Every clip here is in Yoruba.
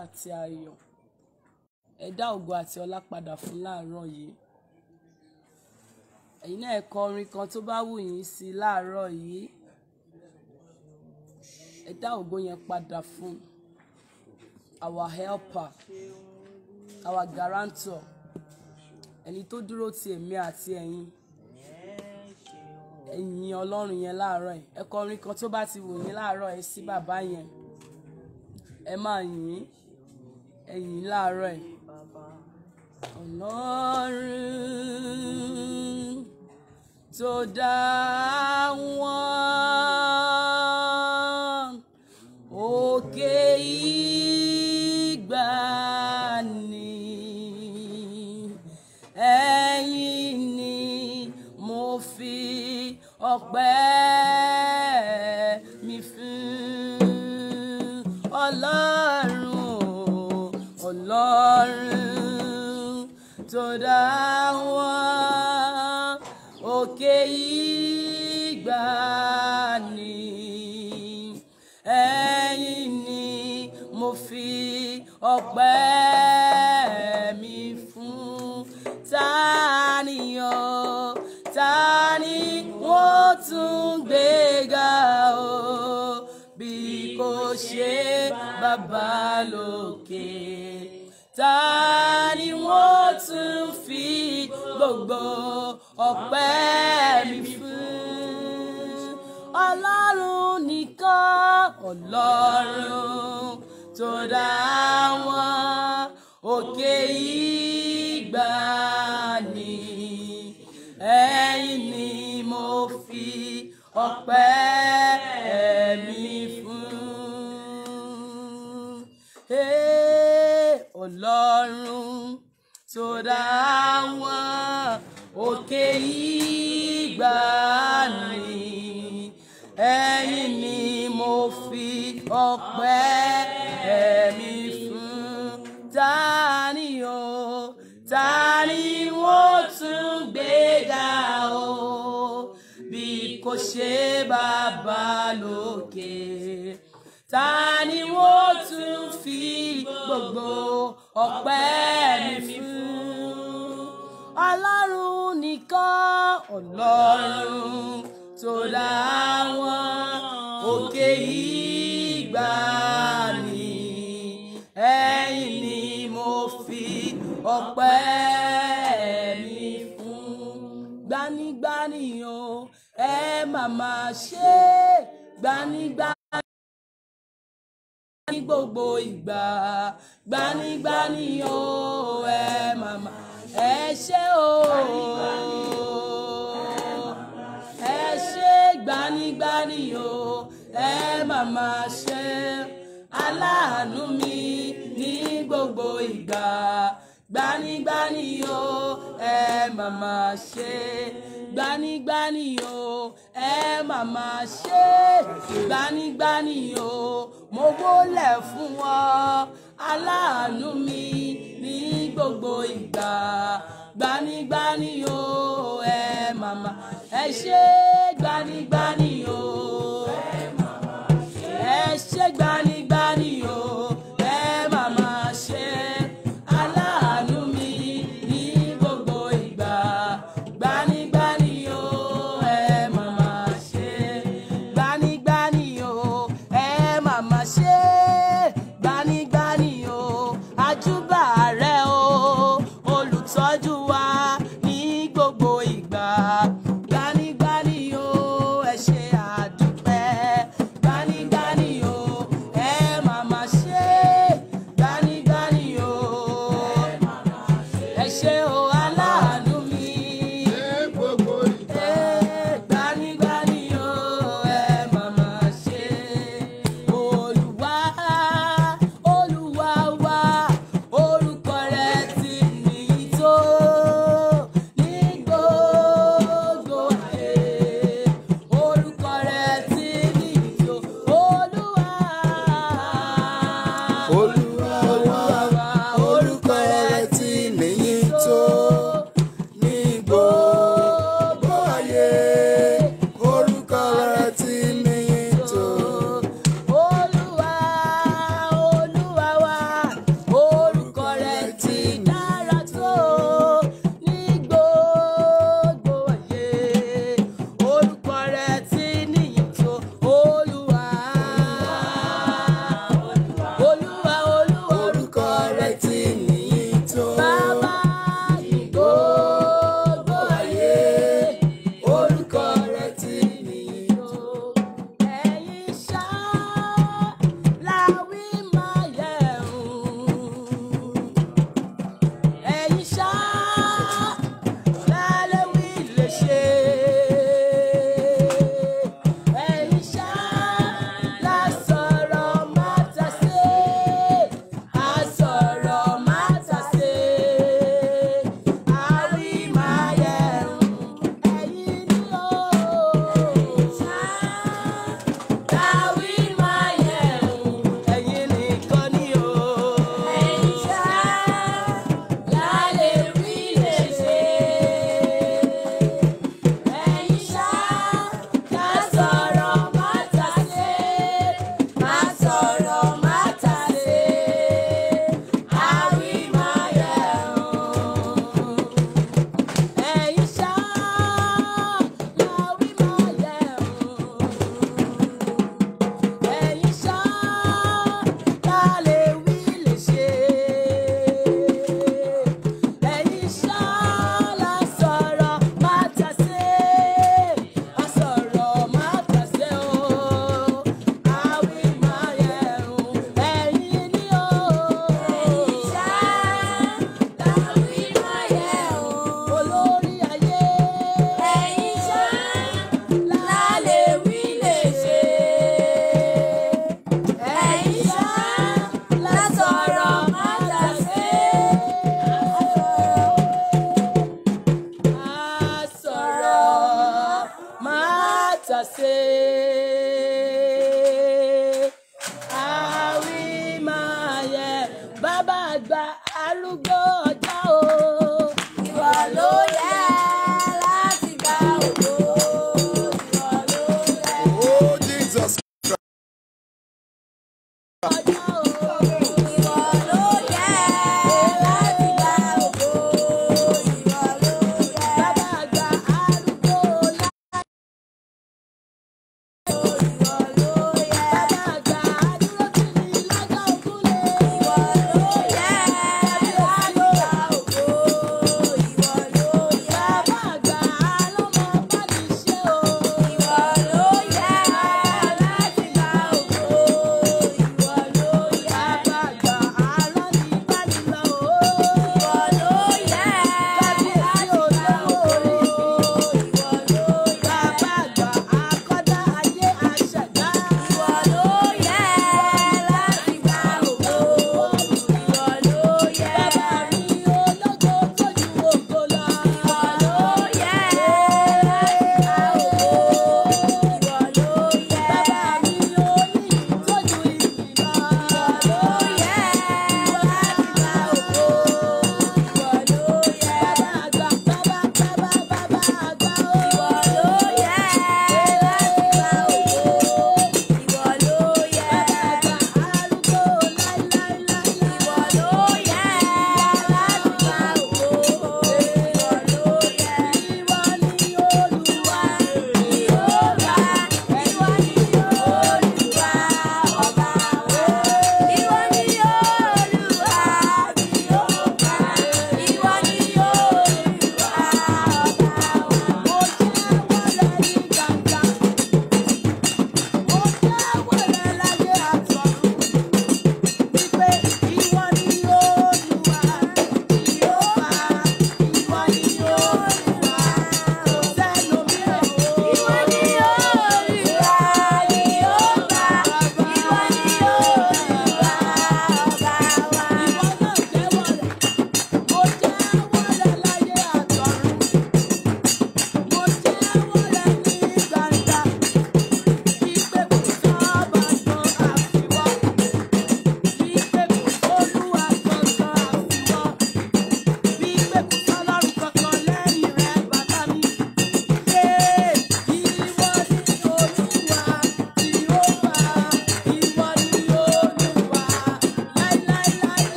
àti ayọ̀ ẹ dá ògo àti ọlá padà fún láàárọ̀ yìí ẹ̀yin náà ẹ orin kan tó bá wù yín sí láàárọ̀ yìí ẹ dá ògo yẹn padà fún our helper our guarantor ẹni tó dúró ti èmi àti ẹ̀yin ẹ̀yin ọlọ́run yẹn láàárọ̀ yìí ẹ kọ orin kan tó bá ti wù yín láàárọ̀ yìí sí bàbá yẹn ẹ máa yìn ín ẹ̀yìn láàárọ̀ ẹ̀ ọlọ́run tó dá wọn òkè ìgbà ni ẹ̀yìn ni mo fi ọpẹ́. tòdáwọn òkè ìgbà ni ẹ̀yin ni mo fi ọpẹ́ mi fún tàníyàn tani wọ́n tún gbéga o bi kò ṣe bàbá ta ni wọ́n tún fi gbogbo ọpẹ́ mi fún. ọlọ́run nìkan ọlọ́run tó dá wọn òkè ìgbà ni ẹ̀yin ni mo fi ọpẹ́. ọlọ́run tó dá wọn òkè ìgbà ni ẹ̀yin ni mo fi ọpẹ́ ẹ̀mí fún tani o tani wọ́n tún gbé ga o bí kò ṣe bàbá lókè ta ni wọ́n tún fi gbogbo ọpẹ́ mi fún ọlọ́run nìkan ọlọ́run tó dá wọn òkè ìgbà ni ẹ̀yìn ni mo fi ọpẹ́ mi fún gbanigbani o ẹ màmá ṣe gbanigbani ní gbogbo ìgbà gbanigbani o ẹ màmá ẹ ṣé o ẹ ṣé gbanigbani o ẹ màmá ṣé aláàánú mi ní gbogbo ìgbà gbanigbani o ẹ màmá ṣé gbanigbani o ẹ màmá ṣé gbanigbani o mo wólẹ̀ fún wọn aláàánú mi ní gbogbo ìgbà gbanigbani o ẹ màmá ẹ ṣé gbanigbani.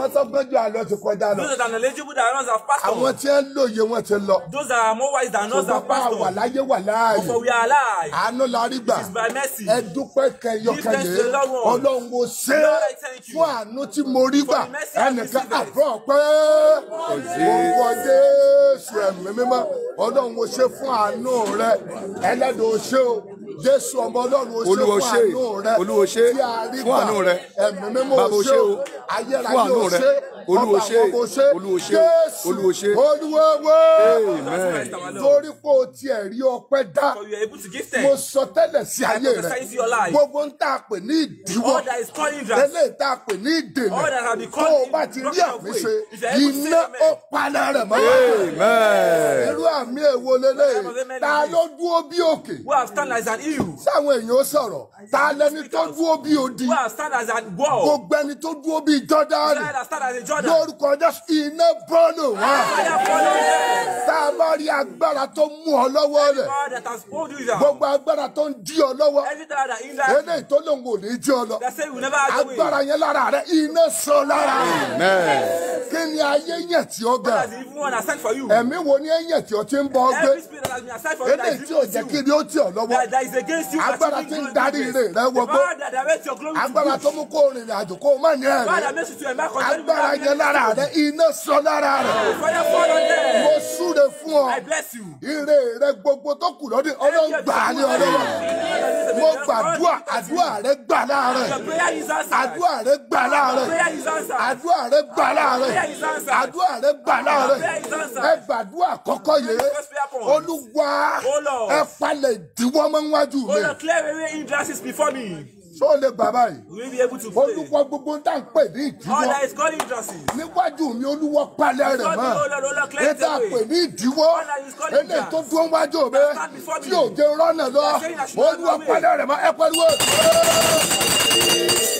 Àwọn tó gbẹ́jọ àlọ́ ti kọjá lọ. Those that are knowledgeable than us have passed on. Àwọn tí ń lóye wọn ti lọ. Those that are more wise than us have passed on. Ṣùgbọ́n bá wà láyé wà láàyè. For we are alive. Àánú la rí gbà. It is by mercy. Ẹ dúpẹ́ kẹyọkẹyẹ. Ọlọ́run mo ṣe é fún àánú tí mo rí gbà. Ẹnìkan àbọ̀ pé òwò Jésù ẹ̀mí mímọ́. Ọlọ́run mo ṣe fún àánú rẹ. Ẹlẹ́dàá ṣe o. Jésù ọmọ Ọlọ́run o ṣe fún àánú rẹ. Olúwo ṣe fún àánú rẹ. Ẹ̀mí mímọ́ o ṣe o ayérayé ò ṣe olúwoṣe olúwoṣe olúwoṣe olúwẹwẹ torí pé o tiẹ̀ rí ọpẹ́ dá mo sọ tẹ́lẹ̀ sí ayé rẹ gbogbo ń tà pé ní ìdíwọ́ eléyìí tà pé ní ìdènà tó o bá ti rí àmì ṣe iná ó paná rẹ̀ mọ́ irú àmì èwo lélẹ́yìí ta ló dúró bí òkè sáwọn èèyàn ó sọ̀rọ̀ ta lẹni tó dúró bí odi gbogbo ẹni tó dúró bí Jọ́dánì. Jordan. lórúkọ Jésù iná bọ́ọ̀lù wá. tá a bá rí agbára tó mú ọ lọ́wọ́ rẹ̀. gbogbo agbára tó ń dí ọ lọ́wọ́. eléyìí tó lòun ò ní jí ọ lọ. agbára yẹn lára rẹ̀ iná sọ lára rẹ̀. kí ni ayé yẹn tí ó gbà. ẹ̀mí wo ni ẹ̀yẹ̀ tí ó ti ń bọ́ gbé. eléyìí tí ò jẹ́ kí ni ó ti ọ lọ́wọ́. agbára tí ń darí rẹ̀ rẹ̀ wọgbọ́. agbára tó mú kó rìnrìn àjò kó má ní ẹ̀rí. agbára yẹn lára rẹ iná sọ lára rẹ mo súre fún ọ ire rẹ gbogbo tó kù lọ́dún ọlọ́run gbà á ní ọlọ́run mo gbàdúrà àdúrà rẹ gbà láàrẹ àdúrà rẹ gbà láàrẹ àdúrà rẹ gbà láàrẹ àdúrà rẹ gbà láàrẹ ẹ gbàdúrà kọ́kọ́ yẹ olúwa oh, ẹ falẹ̀ ìdíwọ́ mọ́ níwájú mi. Oh, ṣó o lè gbà báyìí. will you be able to play. olúwa gbogbo ń tà ń pè ní ìdíwọ́. all oh, that is calling justice. níwájú mi olúwa palẹ̀ rẹ̀ mọ́. ní tà pè ní ìdíwọ́. ilé tó dúró wájú mi tí ò jẹ́ rọ́nà lọ. olúwa palẹ̀ rẹ̀ mọ́ ẹ pẹ́lú òṣèlú.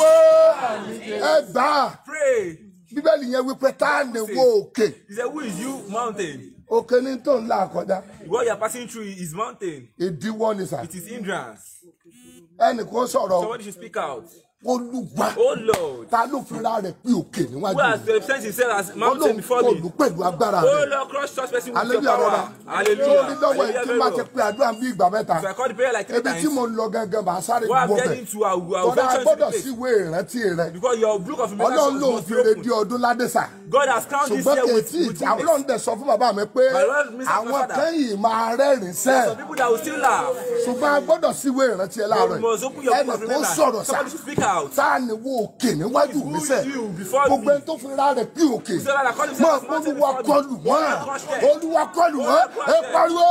wò ẹ gbà á bíbélì yẹn wípé tá à lè wo òkè. who is you mountain. òkè ni tó ń la àkọjá. what you are passing through is mountain. ìdíwọ́ ni sà. it is hindrance. ẹnì kò sọ̀rọ̀. somebody should speak out olùgbà ta ló fira rẹ̀ pé òkè níwájú rẹ̀ olóhùn kọlù pẹ̀lú agbára rẹ̀ aleluya rọra lórí lọ́wọ́ ẹ̀ tí máa ti pe àdúrà bí ìgbà mẹ́ta ebi tí mo ń lọ gangan bá sáré gbọ́bẹ̀ tọ́lá gbọ́dọ̀ sí ìwé ìrántí rẹ̀ ọlọ́run ló fi rédíò ọdún ládẹ́sà ṣùgbọ́n kẹ̀tì ìtì ọlọ́run dẹ̀ sọ fún bàbá mi pé àwọn kẹ́yìn máa rẹ́rìn sẹ́ ṣùgbọ́n a gbọ́dọ̀ sí ìwé ìrántí ẹ̀ láàárọ̀ ẹ̀ tá a ní wo òkè níwájú mi sẹ gbogbo ẹni tó fi ra rẹ bí òkè máa olúwa kọlù wọn olúwa kọlù wọn ẹ pariwo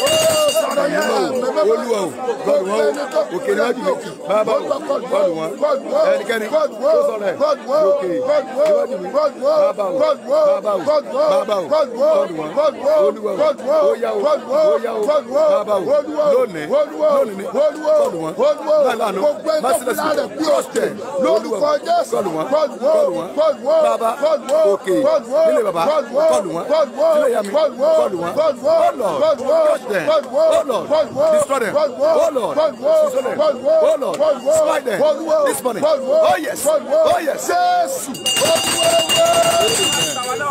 sọ̀rọ̀ yẹn olúwa o bọ́ọ̀lù wọn o òkè níwájú mi bàbá o bọ́ọ̀lù wọn ẹnikẹ́ni tó sọ̀rọ̀ ẹ̀ òkè níwájú mi bàbá o bàbá o bàbá o bọ́ọ̀lù wọn olúwa o óyá o óyá o bàbá o lónìí lónìí ni bọ́ọ̀lù wọn báyìí lánàá má sílẹ̀ sílẹ̀ kọ́ọ̀tẹ̀ olúwa bọ́ọ̀lù wọn bọ́ọ̀lù wọn bàbá òkè nílé bàbá bọ́ọ̀lù wọn nílé yàmi bọ́ọ̀lù wọn bọ́ọ̀lù wọn bọ́ọ̀lù wọn them. Oh Lord, destroy them. Oh Lord, destroy them. Oh Lord, smite them this morning. Oh yes, oh yes. Jésù olúwewe.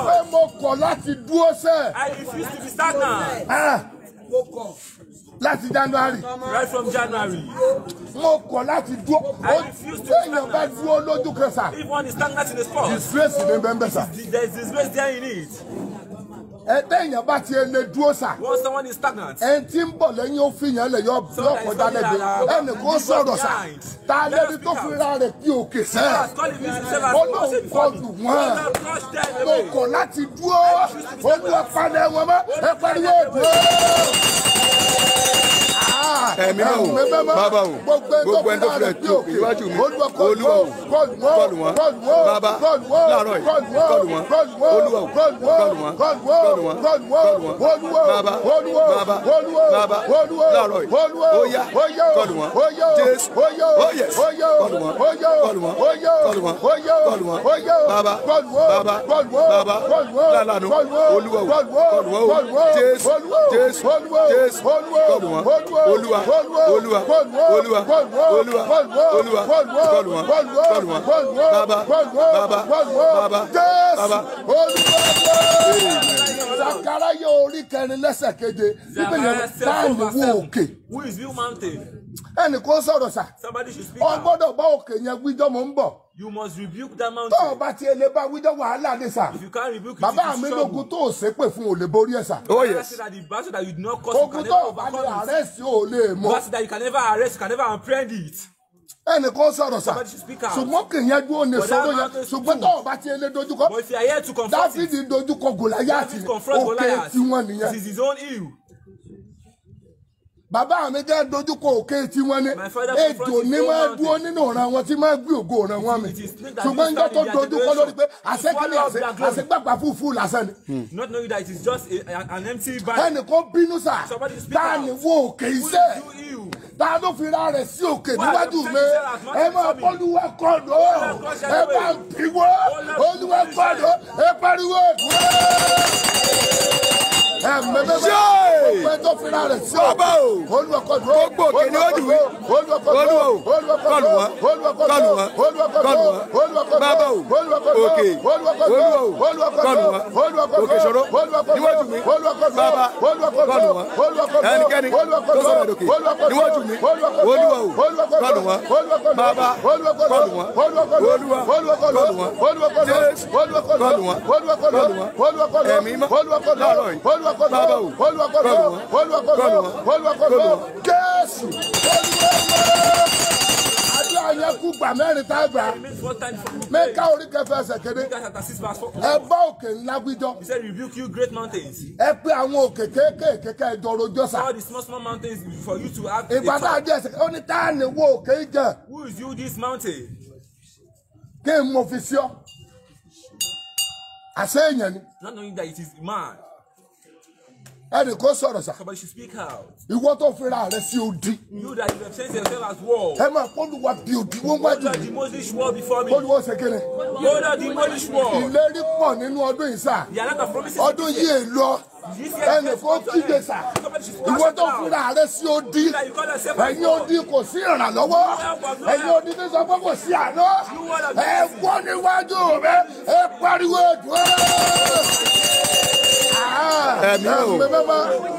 Ṣé mo kọ̀ láti dúró sẹ́? I refuse to be stagnant. Mo kọ̀. Láti January. Right from January. Mo kọ̀ láti dúró. I refuse to be stagnant. Ṣé èèyàn bá dúró lójú kan sà? If one is stagnant in the spot. Disgrace ni bẹ́ẹ̀ bẹ́ẹ̀ sà. There is disgrace there in it ẹ̀tẹ́ èèyàn bá ti lè dúró sà. when someone is stagnant. ẹn tí ń bọ̀ lẹ́yìn ó fi yàn lẹ̀ yọ kọjá lẹ́gbẹ̀ẹ́ ẹnì kó sọ̀rọ̀ sà ta lẹ́ni tó fi ra rẹ̀ kí òkè sẹ́. ó ló ń kọlù wọn ló kọ̀ láti dúró olú ọ̀pá lẹ́wọ̀n mọ́ ẹ pariwo dúró ẹ̀mí náà wò bàbá wò gbogbo ẹni tó fi rẹ̀ tó ìwájú mi olúwa wò kọlù wọn bàbá láàárọ̀ yìí kọlù wọn olúwa wò kọlù wọn kọlù wọn kọlù wọn bàbá bàbá bàbá láàárọ̀ yìí óyá kọlù wọn jésù óyè kọlù wọn kọlù wọn kọlù wọn kọlù wọn bàbá bàbá bàbá lálàánú olúwa wò kọlù wọn jésù jésù jésù kọlù wọn olúwa olúwa olúwa olúwa olúwa olúwa kọlù wọn kọlù wọn bàbá bàbá bàbá olúwa sakara yóò rí kẹrin lẹ́sẹ̀ keje bíbélì táàmù wò òkè. who is real mountain ẹnì kan sọ̀rọ̀ sà ọ bá òkè yẹn wíjọ́ mò ń bọ̀. you must rebuke that mountain. tó o bá tiẹ̀ lè bá wíjọ́ wàhálà ni sà. if you can't rebuke it bàbá mi lógun tó o ṣépè fún o lè borí ẹ̀ sà. Oh, ogun tó o bá lè arrest o lè mọ. because that you can never arrest you can never apprehend it ẹnì kan sọ̀rọ̀ sà ṣùgbọ́n kì í yẹn dúró ní sọ̀rọ̀ yẹn ṣùgbọ́n tó o bá ti lè dojúkọ dáfídì dojúkọ gòláyà àti òkè tiwọn nìyẹn bàbá mi jẹ́ dojúkọ òkè tí wọ́n ní ètò ní máa dúró nínú ọ̀ràn wọn tí máa gbé ògo ọ̀ràn wọn mi ṣùgbọ́n ń dọ́tọ̀ dojúkọ lórí pé àṣekílẹ̀ àṣẹ àṣegbàgbà fúfú lásán ni. Hmm. not knowing that it is just a, an empty bag. ẹnìkan bínú sá tá a ní wo òkè iṣẹ́ ta ló fi ra rẹ̀ sí òkè níwájú mi ẹ máa bọ́lúwà kọ́dọ̀ ẹ máa bíwọ́ olúwa kọ́dọ̀ ẹ pariwo ẹ̀mẹ́mẹ́mẹ́ ọpẹ́ tó fira rẹ̀ sí ọ. olùwàkọ̀dùn gbogbo òkè ni ó dùn wí. olùwàkọ̀dùn kọlùwà kọlùwà kọlùwà bàbá o òkè olùwà kọlùwà òkè sọ̀rọ̀ níwájú mi bàbá kọlùwà ẹnikẹ́ni tó sọ̀rọ̀ èdòkè níwájú mi olùwà o kọlùwà bàbá kọlùwà olùwà kọlùwà jésù kọlùwà kọlùwà ẹ̀mí má láàárọ̀ yìí olùwàkọ̀dọ̀ olùwàkọ̀dọ̀ olùwàkọ̀dọ̀ a gbà. Mẹ́ka orí kẹfẹ́ ẹsẹ̀ He said rebuke you great mountains. Ẹ pé All the small small mountains for you to have. Ìbàdàn àjẹ́ ẹsẹ̀ Who is you this mountain? Kí n mo fi Not knowing that it is man ẹnì kan sọ̀rọ̀ sà. somebody should speak out. ìwọ tó fira rẹ sí odi. you that you represent yourself as wall. ẹ máa kóluwa di odi wọn wájú. kóluwa di moses wall before me. kóluwa ṣe kéré. kóluwa di moses wall. ìlérí pọ̀ nínú ọdún yìí sà. yàrá kan promises. ọdún yìí èlò ẹnì kan kígbe sà ìwọ tó fúnra rẹ sí odi ẹ̀yin odi kò sí ìrànlọ́wọ́ ẹ̀yin odi tó sọ pé kò sí àná ẹ wọ níwájú rẹ ẹ pariwo ẹdùn ẹ. ẹ̀mí you?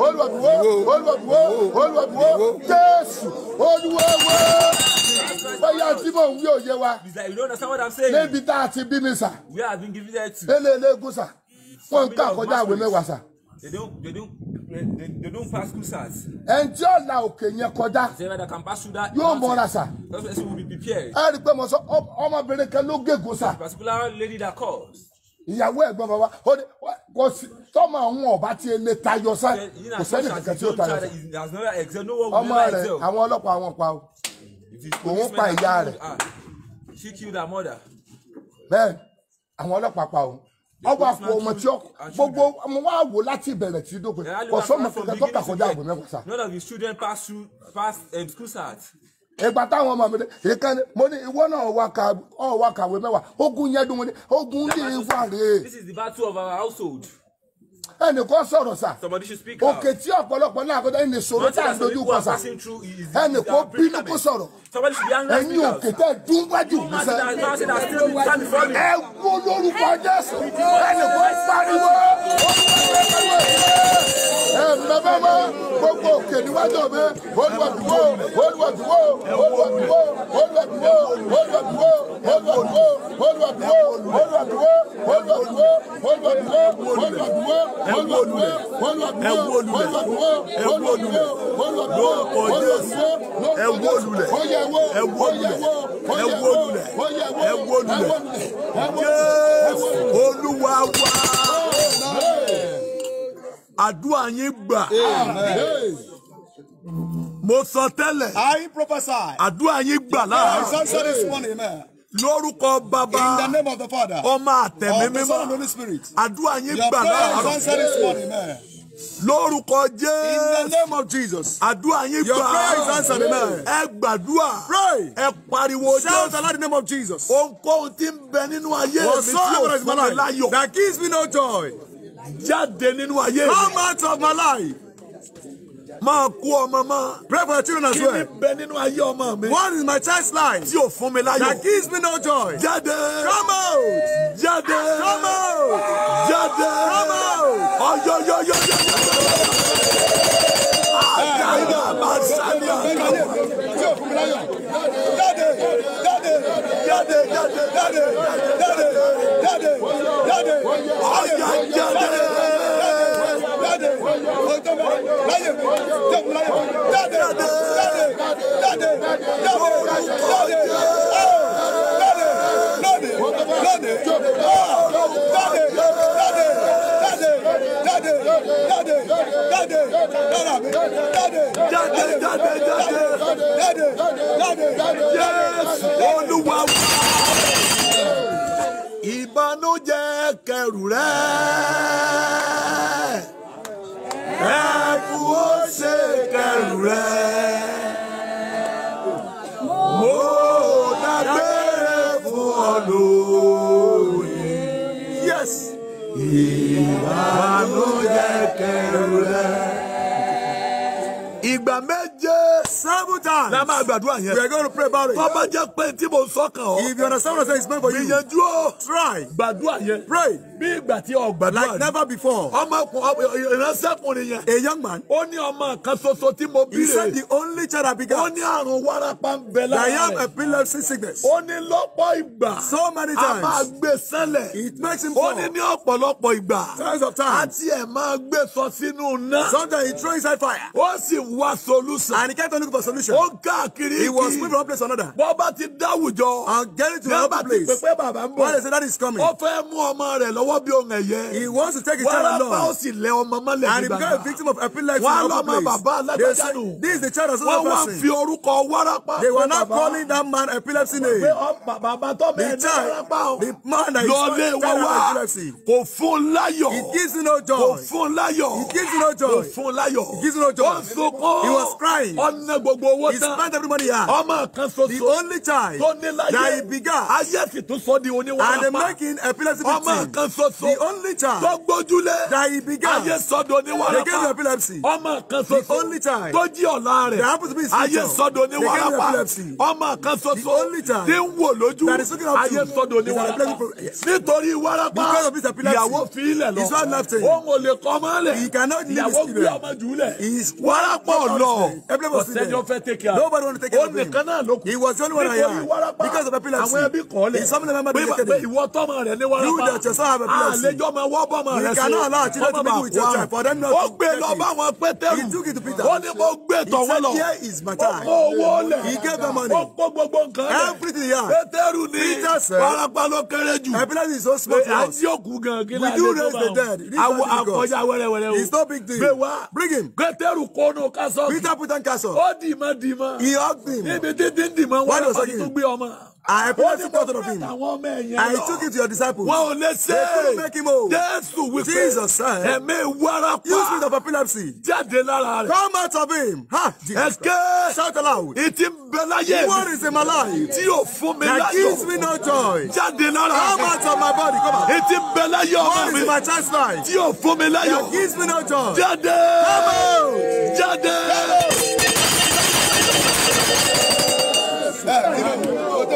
Olúwa dúró Olúwa dúró Olúwa dúró Jésù Olúwa wá. Bóyá tí ń wí òye wa. Níbi tá a ti bí mi sà. Lélẹ̀ eléegun sà. Wọ́n ká àkọjá àwẹ̀ mẹ́wàá sà. They don't, they don't They, don't pass through SARS. Ẹnjẹ́ ọ̀la òkè yẹn kọjá. Ṣé ẹ̀dá kan pass Yóò mọ̀ra sà. Ẹ rí i pé mo sọ ọmọbìnrin kan ló gègùn sà. Particular lady that calls ìyàwó ẹ̀gbọ́n bàbá ó ní kò sí tọ́mọ àwọn ọba tí e lè tayọ sá kò sẹ́ni kankan tí ó tayọ sá ọmọ rẹ̀ àwọn ọlọ́pàá wọn pa o òun pa ìyá rẹ̀ ah, bẹ́ẹ̀ àwọn ọlọ́pàá pa o ọwọ́ àpò ọmọ tí ó gbogbo ọmọ wa wò láti ìbẹ̀rẹ̀ tí dópin kò sọ́mọ kankan tó kà kọjá àgbẹ̀ mẹ́fà sá. none of his children pass through pass um, school start ìgbà táwọn ọmọ mi dé ìkan mo ní ìwọ náà ọwọ kàwé mẹ́wàá ogun yẹn dùn mo ogun yìí wà rèé. This is the battle of our household ẹnìkan sọ̀rọ̀ sà òkè tí ọ̀pọ̀lọpọ̀ náà kọjá ní sọ̀rọ̀ tá à ń dojú kọ sà ẹnìkan bínú kó sọ̀rọ̀ ẹ̀yin òkè tẹ́ dún wájú mi sẹ́ ẹ wo lórúkọ Jésù ẹnìkan pariwo ẹ mẹ́fẹ́ mọ́ gbogbo òkè níwájú mi olùwàdúwò olùwàdúwò olùwàdúwò olùwàdúwò olùwàdúwò olùwàdúwò olùwàdúwò olùwàdúwò olùwàdúwò olùwàdúwò olùwàdúwò ẹ wó lulẹ̀ ẹ wó lulẹ̀ ẹ wó lulẹ̀ lórúkọ Jésù ẹ wó lulẹ̀ ẹ wó lulẹ̀ ẹ wó lulẹ̀ ẹ wó lulẹ̀ Jésù Olúwa wa àdúrà yín gbà. Mo sọ tẹ́lẹ̀. I prophesy. Àdúrà yín gbà láàárọ̀. My son said this morning, amen lórúkọ bàbá ọmọ àtẹ̀mí mímọ́ àdúrà yín gbà láàárọ̀ lórúkọ jésù. in the name of jesus. àdúrà yín gbà. your prayer is answered amen. ẹ gbàdúrà. pray. ẹ pariwo jésù. shout aloud the name of jesus. ohunkóhun tí ń bẹ nínú ayé mi tí ò fún mi láyọ̀. that gives me no joy. jáde nínú ayé mi. my life máa kú ọmọ mọ́. pray for the children as well. kí ni bẹ nínú ayé ọmọ mi. what is my child's life. tí o fún mi láyọ̀. that gives me no joy. jáde. come out. jáde. come out. jáde. come out. ọ̀yọ̀yọ̀yọ̀yọ̀yọ̀. àgbàdo àbáṣálì àkàwọ̀. tí o fún mi láyọ̀. jáde. jáde. jáde. jáde. jáde. jáde. jáde. jáde. ọ̀yọ̀ jáde jáde òjòba láyè jẹ̀bù láyè jáde jáde jáde jáde jáde jáde lónìí lónìí jáde jáde jáde jáde jáde lára mi jáde jáde jáde jáde jáde jáde yéésù olúwa wá. ìbànújẹ́ kẹrù rẹ̀. Rapu ose karure. Mo dagbere fún olóore. Yes. Ìbànújẹ́ kẹrù rẹ̀. ìgbà méje. seven times. la máa gbàdúrà yẹn. we are going to pray about it. bàbá jẹ́ pé tí mo sọ kàn ọ́. if you understand what I say it's meant for you. gbìyànjú o. try. gbàdúrà yẹn. pray. bí ìgbà tí o gbàdúrà yẹn. like never before. ọmọkùnrin ìránṣẹ́kùnrin yẹn. a young man. ó ní ọmọ kan ṣoṣo tí mo bí rè. he said the only child I began. ó ní àrùn wárápá ń bẹ lára rẹ̀. I have sickness. ó ní lọ́pọ̀ ìgbà. so many times. a máa gbé sẹ́lẹ̀. it makes him fall. ó ní ní ọ̀pọ̀lọpọ̀ ìgbà. times of times. àti ẹ̀ máa gbé sọ sínú náà. sometimes he throw inside fire. ó sì w wá solution. And he kept on looking for solution. Ó káàkiri. He was moving from one place to another. Bọ́bá ti dáwùjọ. And get it to another place. Bọ́bá ti pèpè bàbá ń bọ̀. Wọ́n lè say that is coming. Ó fẹ́ mú ọmọ rẹ̀ lọ́wọ́ bí ohun ẹ̀yẹ. He wants to take his child along. Wọ́n bá lẹ ọmọ mọ́lẹ̀ nígbà náà. And he became a victim of epilepsy in another place. Wọ́n lọ́mọ bàbá alágbádánù. This is the child of another person. Wọ́n wá fi orúkọ wárápá. They were not calling that man epilepsy name. Oh, bàbá tó bẹ̀rẹ̀ ní wárápá. The man that is calling that man epilepsy. Kò fún láyọ̀. He gives no joy. Kò fún láyọ̀. He gives no joy. Kò fún láyọ̀. He gives no joy. Ó sọ he was oh, crying. he spent every money he had. the only child. that he began. ayé sì tún sọ di oníwàlápá. and they making him epilepsy victim. ọmọ kan the only child. tó gbójúlé. that he began. ayé sọ di oníwàlápá. they gave him epilepsy. ọmọ kan ṣoṣo. the only child. tó jí ọ̀la rẹ̀. that happens to be his future. ayé sọ di oníwàlápá. ọmọ kan ṣoṣo. the only child. tí ń wò that is looking up to. nítorí wàlápá. because ìyàwó fi lọ. his wife left him. lè kọ́ ọmọ lẹ̀. ìyàwó gbé ọmọ jù lẹ̀. he is Paul law. Nobody want to take it. Only Kana look. He was the only one I had. Because of epilepsy. Àwọn ẹbí kọ́ lẹ̀. His family member deleted him. Ìwọ You that your have epilepsy. Àlejò ah, You cannot allow children to be with your child. For them not to take it. Ó He took it to Peter. Ó ní mo He said here is my child. He gave them money. Everything he had. Peter said. Epilepsy is so small for us. We do raise the dead. It's no big deal. Bring him ká Peter put on ká sọ. ó dì mọ́ dì mọ́. he hugged him. níbi títí ń dì mọ́ wọ́n lọ́pàá tó gbé ọmọ. I promised God of him. I took it to your disciples. Wọ́n ò lè They couldn't make him old. Jésù Jesus said. Use me of epilepsy. Jáde lára Come out of him. Ha! Jesus Christ. Shout aloud. Ìtì ń bẹ What is in my life? Tí yóò fún That gives me no joy. Jáde lára Come out of my body. Come out. Ìtì ń What is in my chest life? Tí yóò fún That gives me no joy. Jáde. Come out. Jáde. Jáde.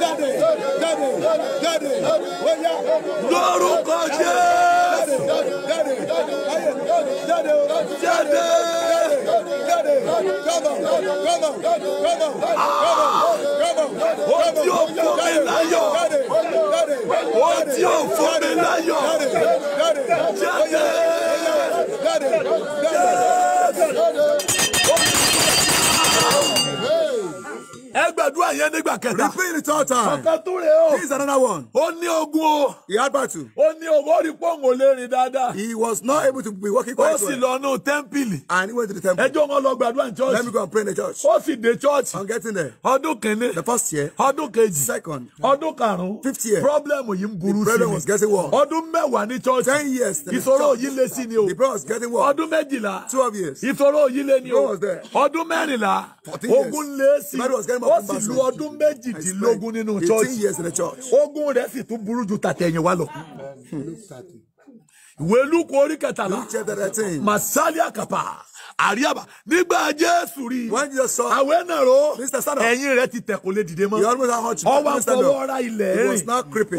jáde jáde jáde oya lórúkọ Jésù jáde ayé jáde jáde jáde kọ́mọ kọ́mọ kọ́mọ kọ́mọ kọ́mọ o tí o fún mi láyọ̀ o tí o fún mi láyọ̀ jáde jáde jáde. ẹ gbàdúrà yẹn nígbà kẹta. repeat it all time. ọ̀kan tún rè o. this is another one. ó ní ogun o. he had battle. ó ní owó rí pọ́ǹgò lè rìn dáadáa. he was not able to be working quite well. ó sì lọ nù tẹ́ḿpìlì. and he went to the temple. ẹjọ́ wọn lọ gbàdúrà ní church. let me go and pray in the church. ó sì dé church. I'm getting there. ọdún kìíní. the first year. ọdún kejì. second. ọdún karùn-ún. fifth year. problem yìí ń burú sí i. the problem was getting worse. ọdún mẹ́wàá ní church. ten years. ìṣòro yìí lé sí ni o. the problem was getting worse. ọdún méjìlá. twelve years. ìṣòro yìí lé ni o. the problem was there. ọdún mẹ́rìnlá. fourteen years. ogun lé sí. the problem was getting ó sì lu ọdún méjìdínlógún nínú church ogún rẹ̀ sì tún burú ju tàtẹ̀yìn wa lọ ìwé Lúùkù orí kẹtàlá màsálíà kàpà àríyàbá nígbà jésù rí àwẹ̀ náà ro ẹ̀yìn rẹ̀ ti tẹ̀ kò lè dìde mọ́ ọwọ́ àfọwọ́ ra ilẹ̀ rìn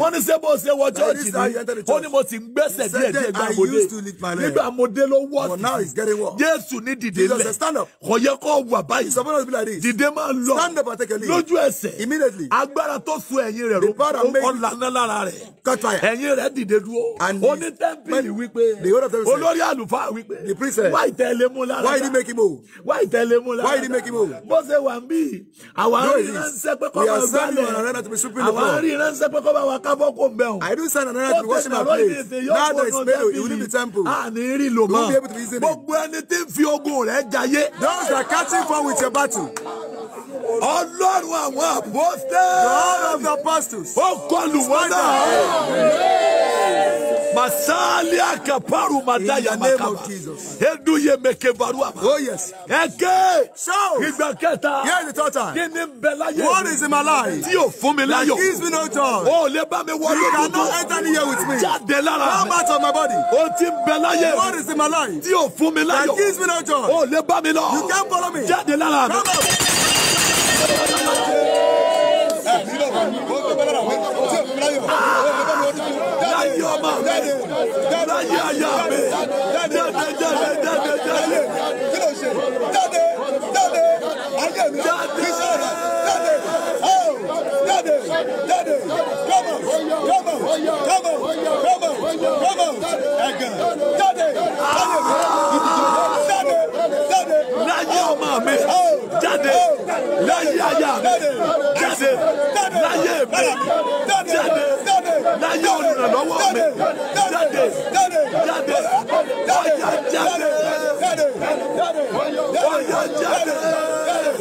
wọ́n ní sẹ́ bó ṣe wọ chọ́ọ̀chì ni ó ní mo ti ń gbẹ́sẹ̀ díẹ̀ díẹ̀ gbà mo dé nígbà mo dé ló wọ́ jésù ní dìde lẹ̀ kò yẹ kó wà báyìí dìde máa lọ lójú ẹsẹ̀ agbára tó sun ẹ̀yìn rẹ̀ ro ó lànà lára rẹ̀ ẹ̀yìn rẹ̀ dìde dúró ó ní tẹ́ńpìlì wípé olórí àlùfáà wípé wáyé tẹ́lẹ̀ mú lára why did he make him move why tell him lára why did he make him move bó ṣe wà ń bí àwa rí ránṣẹ́ pé kọ́ bá wà gbálẹ̀ I do send another to wash my place. now there is melo you need the temple a ní rí lò mọ́ gbogbo ẹni tí ń fi ogun rẹ̀ jayé. those that catching fun with your battle. Ọlọ́run àwọn apostles. all of the pastors. Oh God, wọn náà. Masalia kaparu madaya nema. Edu ye meke barua. Oh yes. Eke. So. Ìgbà kẹta. Here is the third time. Kí ni bẹ̀lá What is in my life? Tí o fún mi That gives me no joy. O lè bá mi You cannot enter the year with me. Jáde lára mi. Come out of my body. O ti bẹ̀lá yẹ. What is in my life? Tí o fún That gives me no joy. O lè bá mi You can't follow me. Jáde lára mi. Come out. Ẹ̀mí lọ́wọ́. O ti bẹ̀lá yẹ ọmọ mi láyé àyà mi jáde jáde jáde jáde. jáde jáde come come come come come on, on, on, on, on, jáde jáde kọ́mọ̀ kọ́mọ̀ kọ́mọ̀ kọ́mọ̀ kọ́mọ̀ ẹ̀gàn jáde jáde jáde láyé ọmọ mi oh, oh, jáde oh. láyé aya mi jáde láyé mi jáde láyé olùrànlọ́wọ́ mi jáde jáde ọ̀yà jáde ọ̀yà jáde.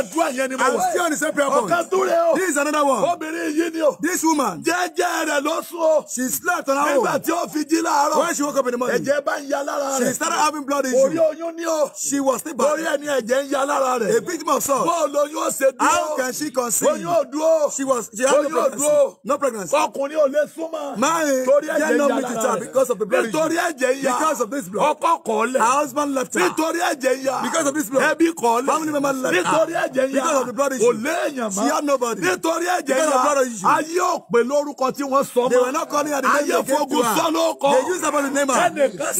àdúrà yẹn ni mo wà. I'm still on the same prayer point. ọ̀kan tún o. this is another one. obìnrin yìí ni o. this woman. jẹ́jẹ́ rẹ̀ ló sùn o. she slept on her own. nígbà tí ó fi jí láàárọ̀. when she woke up in the morning. ẹ̀jẹ̀ bá ń ya lára rẹ̀. she started having blood issue. orí oyún ni o. she was still bad. orí ẹni ẹ̀jẹ̀ ń ya lára rẹ̀. a victim of salt. bọ́ọ̀lù oyún ó ṣe dúró. how can she conceive. oyún ò dúró. she was she had no pregnancy. no pregnancy. ọkùnrin ò lè súnmọ́. máyì her because of the blood issue. ń ya. husband left her. ẹ̀jẹ̀ ń ya. because of this blood ẹ̀jẹ̀ yẹn kò léèyàn mọ́ nítorí ẹ̀jẹ̀ yẹn ayé òpè lórúkọ tí wọ́n sọ mọ́ ayé fogun sọ ló kọ́ ẹnìkan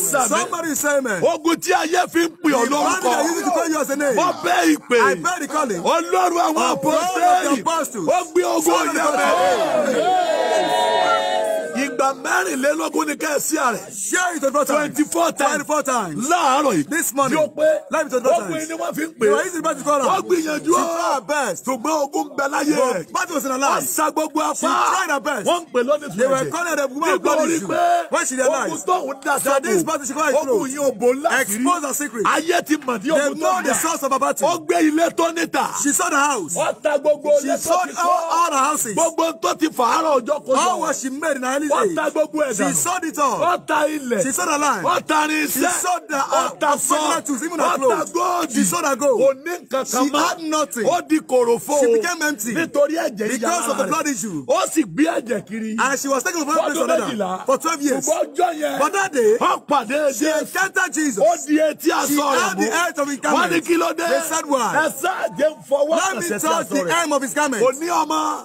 sàmì ogun tí ayé fi ń pè ọ́ lórúkọ wọ́n bẹ́ ìpè olórú àwọn àpòsẹ́yìn ó gbé ogun yẹn bẹ́ẹ̀ ìgbà mẹ́rìnlélógún ni kẹ́sí rẹ̀. share it twenty four times. twenty four times. twenty four times. láàárọ̀ yìí. this morning yóò pé láàbì twenty four times. ọgbìn ni wọ́n fi ń pè ìwà yìí ti bá ti kọ́ wọ́n gbìyànjú ọ́. she tried her best. ṣùgbọ́n ogun bẹ láyé. but bá ti wò láàyè. wọ́n gbogbo apá. she tried her best. wọ́n ń pè lọ́dún tuntun. they were calling the woman of God issue. when she realized. ogun she call ogun expose her secret. tó ń da. they know the source of her battle. ó gbé ilé she sold her house. she sold all her houses. gbogbo tó ti fàárọ̀ ọjọ́ kọjá. all she made ọ̀tá gbogbo ẹ̀dá. She sold it all. ilẹ̀. She sold her land. irinṣẹ́. She sold the ọ̀tá furniture even her clothes. She sold her gold. Kò ní kankan mọ́. She had nothing. Ó di korofo. She became empty. Nítorí ẹ̀jẹ̀ ìyá rẹ̀. Because of the blood issue. Ó sì gbé ẹ̀jẹ̀ kiri. And she was taken from one place to another for twelve years. Ṣùgbọ́n ọjọ́ yẹn. But that day. Ó pàdé Jésù. She encountered Jesus. Ó di etí aṣọ the head of his garment. Wọ́n ní kí ló dé? They said why? Ẹ sáà fọwọ́ ẹsẹ̀ sí aṣọ the hem of his garment.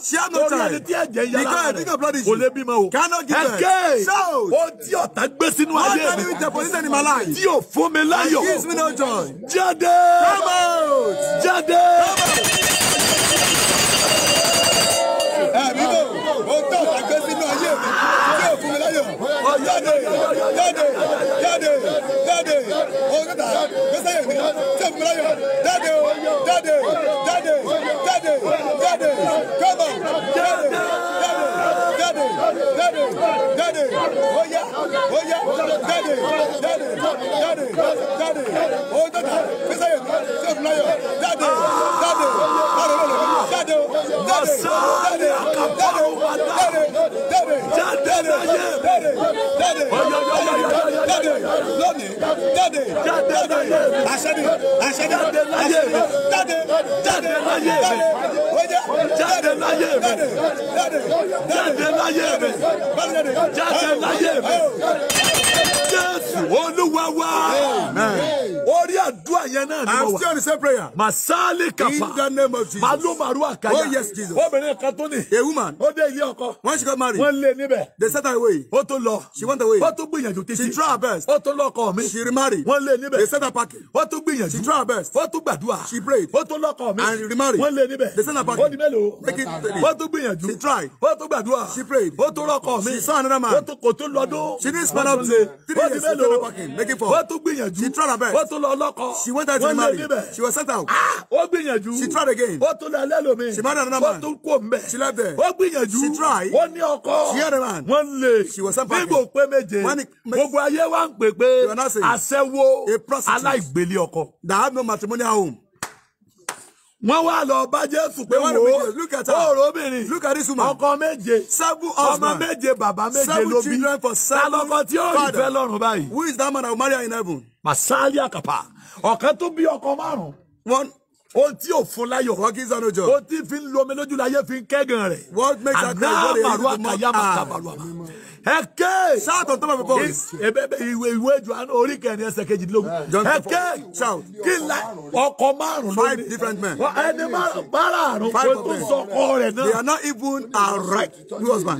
She had no child. Because I think blood issue. Cannot again o tí ọ̀tá gbé sínú ayé mi tí o fún mi láyọ̀ jáde jáde. ẹ̀mí bò ó tọ̀ ọ̀tá gbé sínú ayé mi tí o fún mi láyọ̀ jáde jáde jáde jáde o tọ̀ ọ̀tá gbé sẹ́yìn mi tí o fún mi láyọ̀ jáde jáde jáde jáde jáde kọ́mọ̀ jáde jáde jáde jáde oya oya jáde jáde jáde jáde o jáde fisa yẹ tí o fúnayọ jáde jáde jáde o jáde jáde jáde o jáde jáde jáde jáde jáde jáde lónìí jáde jáde asẹni asẹni asẹni jáde jáde jáde oya jáde jáde jáde jáde láyé mi jáde láyé mi. Jésù Olúwa orí àdúrà yẹn náà ni mo wà. I'm still the same prayer. Màsáálì kàfà. In the name of Jesus. Màlúmàrú àkàyà. Oh yes Jesus. Obìnrin kan tó ní. A woman. Ó dé ilé ọkọ. When she got married. Wọ́n lé níbẹ̀. They set her away. Ó tó lọ. She went away. Ó tó gbìyànjú títí. She tried her best. Ó tó lọ́kọ mi. She remarried. Wọ́n lé níbẹ̀. They set her packing. Ó tó gbìyànjú. She tried Ó tó gbàdúrà. She prayed. Ó tó lọ́kọ mi. And remarried. Wọ́n lé níbẹ̀. They set her packing. Ó di mélòó. Ó tó gbìyànjú. She tried. Ó tó prayed. She saw another man. She didn't spend up to di mélòó wọ́n tún gbìyànjú wọ́n tún lọ lọ́kọ wọ́n lé níbẹ̀ ah, ó gbìyànjú ó tún lọ lẹ́lòmí ó tún kó mbẹ̀ ó gbìyànjú ó ní ọkọ wọ́n lè nígbò pé méje gbogbo ayé wa ń pè pé aṣẹ́wó aláìgbélé ọkọ. dàá no matrimonial home wọ́n wá lọ bá jésù pé wo oòrùn obìnrin ọkọ méje ọmọ méje bàbá méje lóbi lọkọ tí ó rí fẹ́ lọ́run báyìí. who is that man that will in heaven. màsáálì àkàpà ọ̀kan tó bí ọkọ márùn-ún. Ohun tí ò fún láyọ̀. What gives her no joy? Ohun tí fi ń lomi lójú láyé fi ń kẹ́gàn What makes her cry? Àná àmàlú àkàyà màkà màlúwà. Ẹ̀kẹ́. Shout on top of the voice. Ìwé ìwé ju àná orí kẹrin ẹsẹ̀ kejìdínlógún. Eh, Ẹ̀kẹ́. Shout. Kí la ọkọ̀ márùn-ún. Five different men. Ẹni márùn-ún kò tó sọ ọkọ rẹ̀ náà. They are not even right. Who was man?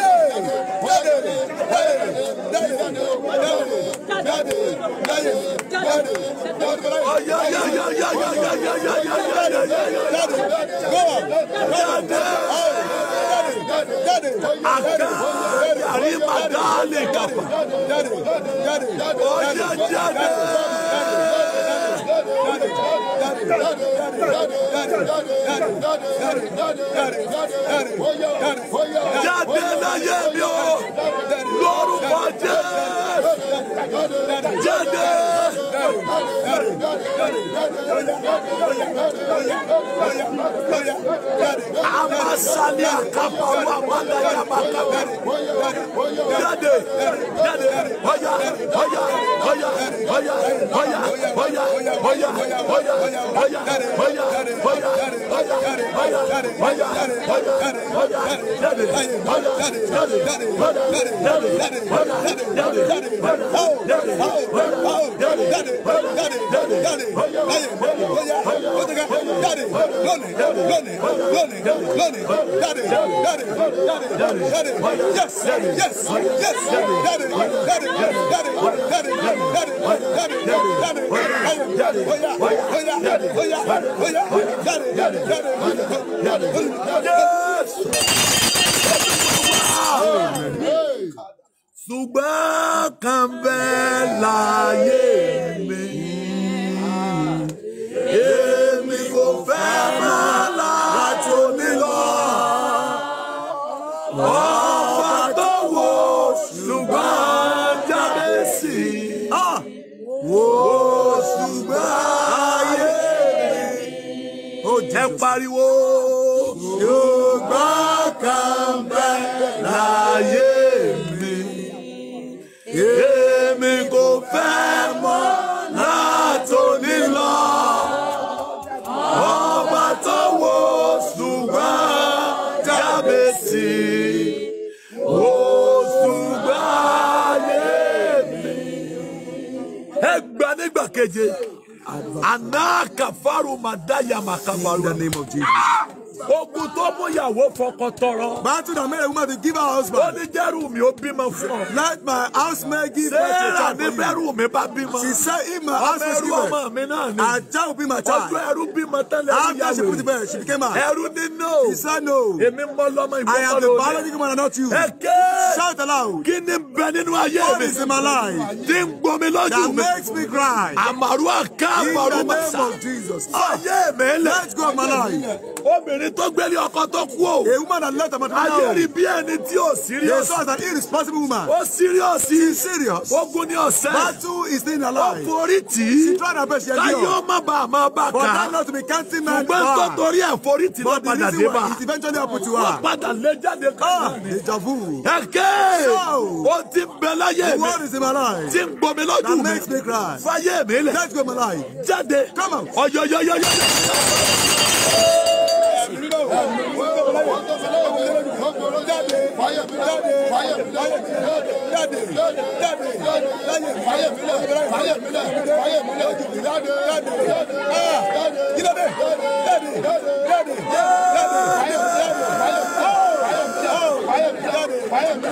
Arriba, dale, capa. Oye, ya, ya jáde láyé mi o lórúkọ jẹ jáde. amasani akapa wa wanda yaba kaba jáde jáde oya oya oya oya oya oya oya. Yes, yes, yes, ṣùgbọ́n kan bẹ́ẹ̀ láàyè. keje. Anaka faru madaya makabaru. In the name of Jesus. Ah! Ogun tó mú ìyàwó fọkọ tọrọ. Battle that made a woman to give her husband. Ó ní jẹ́rù mi ó bímọ fún ọ. Let my housemate give birth to a child for you. Sarah ní bẹ́rù mi bá bímọ. She said if my housemate is given. Ọmọ ẹrú ọmọ mi náà ni. Ajá will be my child. Ọjọ́ ẹrú bímọ tẹ́lẹ̀ ìyàwó. After she put the bed, she became her. Ẹrú ní no. She said no. Èmi mọ lọ́mọ ìwọ́n lọ́mọ. I am the biological man and not you. Ẹ̀kẹ́. Shout aloud. Kí ni ń bẹ nínú What is in my life? That makes me cry. Àmàrú àká àmàrú In the name of Jesus. Let's go my life. Obìnrin tó gbélé ọkọ tó kú A woman that left her maternal home. Ayé rí bí ẹni tí ò serious. They saw an irresponsible woman. Ó serious. She is serious. Ogun ni ọ̀sẹ̀. Battle is in her life. Ó forí tì í. She tried her best But that not to be counting man. Ṣùgbọ́n tó torí ẹ̀ forí tì lọ padà dé bá. But the reason why it eventually happened to her. Wọ́n padà lé jáde kan. Ah, deja vu. Ẹ̀kẹ́. So náà ti bẹ láyé mi. the world is in my life. ti ń gbomi lójú mi. that makes me cry. fàyè mi lẹ. let's go my life. jáde. come on. ọ̀yọ̀yọ̀yọ̀yọ̀ jáde fàyè filẹ̀ fàyè filẹ̀ jáde jáde jáde jáde fàyè filẹ̀ fàyè filẹ̀ fàyè filẹ̀ jáde jáde aa jílẹ̀ dẹ̀ jáde jáde jáde jáde fàyè filẹ̀ fàyè filẹ̀. Dada!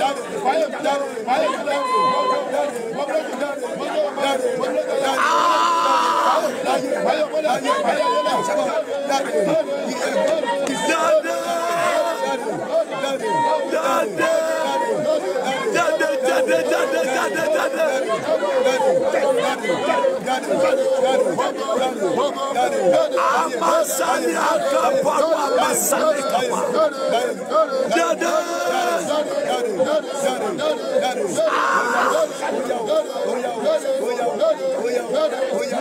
Dada! Dada! amasani akapa ko amasani kapa dada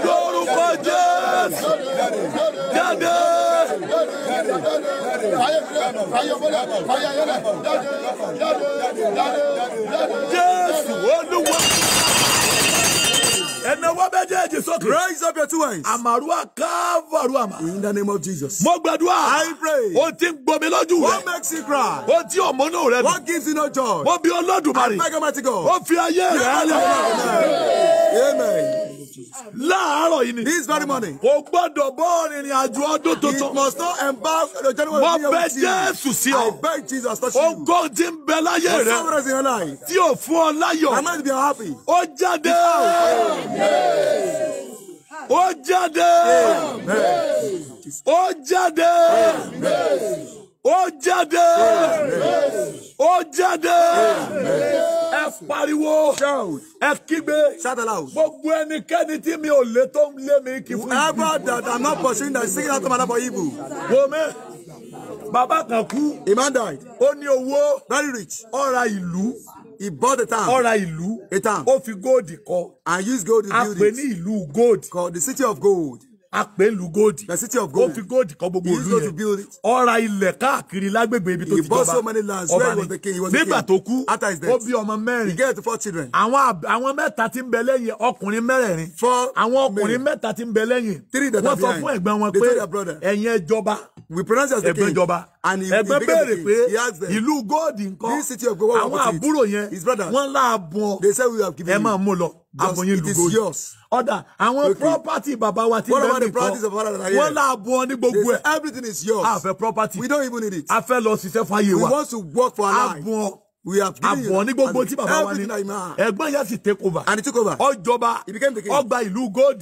lórúkọ jésù dada. Jésù olúwa ẹnáwó méjèèjì sókè. raise up your two hands. àmàrúwà káfàrúwàmà. in the name of Jesus. mo gbàdúrà. I pray. o ti ń gbomi lójú rẹ. what makes you cry. o ti òmùnú rẹ. what gives you no joy. mo bí Olódùmarè. I beg Almighty God. ó fi ayé rẹ̀ lẹ̀. amen. amen. amen láàárọ̀ yìí ni. this very morning. kò gbọ́dọ̀ bọ́ ìrìn àjò ọdún tuntun. it must not embark the general meeting. mo bẹ̀ Jésù sí ọ. I beg Jesus touch you. ogún ti ń bẹ láyé rẹ. for some reason in your tí o fún ọ láyọ̀. I might be happy. ó jáde. ó jáde. ó jáde. ó jáde ó jáde ó jáde ẹ pariwo ẹ kígbe gbogbo ẹnikẹ́ni tí mi ò lé tó ń lé mi kí fún ibu. ever that i'm not pursuing that secret after my life for ibu. wo mi bàbá kan kú. ó ní owó. very rich. ó ra ìlú. He bought the town. Ó ra ìlú. A town. Ó fi góòdì kọ́. And used gold to build it. A pè ní ìlú gold. Called the city of gold a pè é lu gold. the city of gold. ó fi gold kọ́ gbogbo ìlú yẹn. ó ra ilẹ̀ káàkiri lágbègbè ibi tó ti jọba. he bought so many lands where he was the king he was the king. nígbà tó kú ó bí ọmọ mẹ́rin. he get four children. àwọn àwọn mẹ́ta tí ń bẹ lẹ́yìn ọkùnrin mẹ́rẹ̀ẹ̀rin. four àwọn ọkùnrin mẹ́ta tí ń bẹ lẹ́yìn. three that are behind. wọ́n sọ fún ẹ̀gbọ́n wọn pé ẹ̀yin ẹjọba. we pronounce as the king. ẹ̀gbọ́n jọba. and he, he became the king. he asked them. ìlú gold nǹkan. this city of gold wọ́n wọ́n put it. àwọn àbúrò yẹn wọ́n láàbùn ọ. they say we have given you. ẹ máa mú lọ àbọ̀ yín lu gold ọ̀dà àwọn property bàbá wa ti bẹ́ẹ̀ nìkan wọ́n là bọ̀ ní gbogbo ẹ̀ everything is yours I have a property we don't even need it a fẹ́ lọ ṣiṣẹ́ fáyé wa we want to work for our life àbọ̀ àbọ̀ ní gbogbo Everything bàbá wa ní ẹ̀gbọ́n has to take over and he took over He ọjọba ọgbà ìlú gold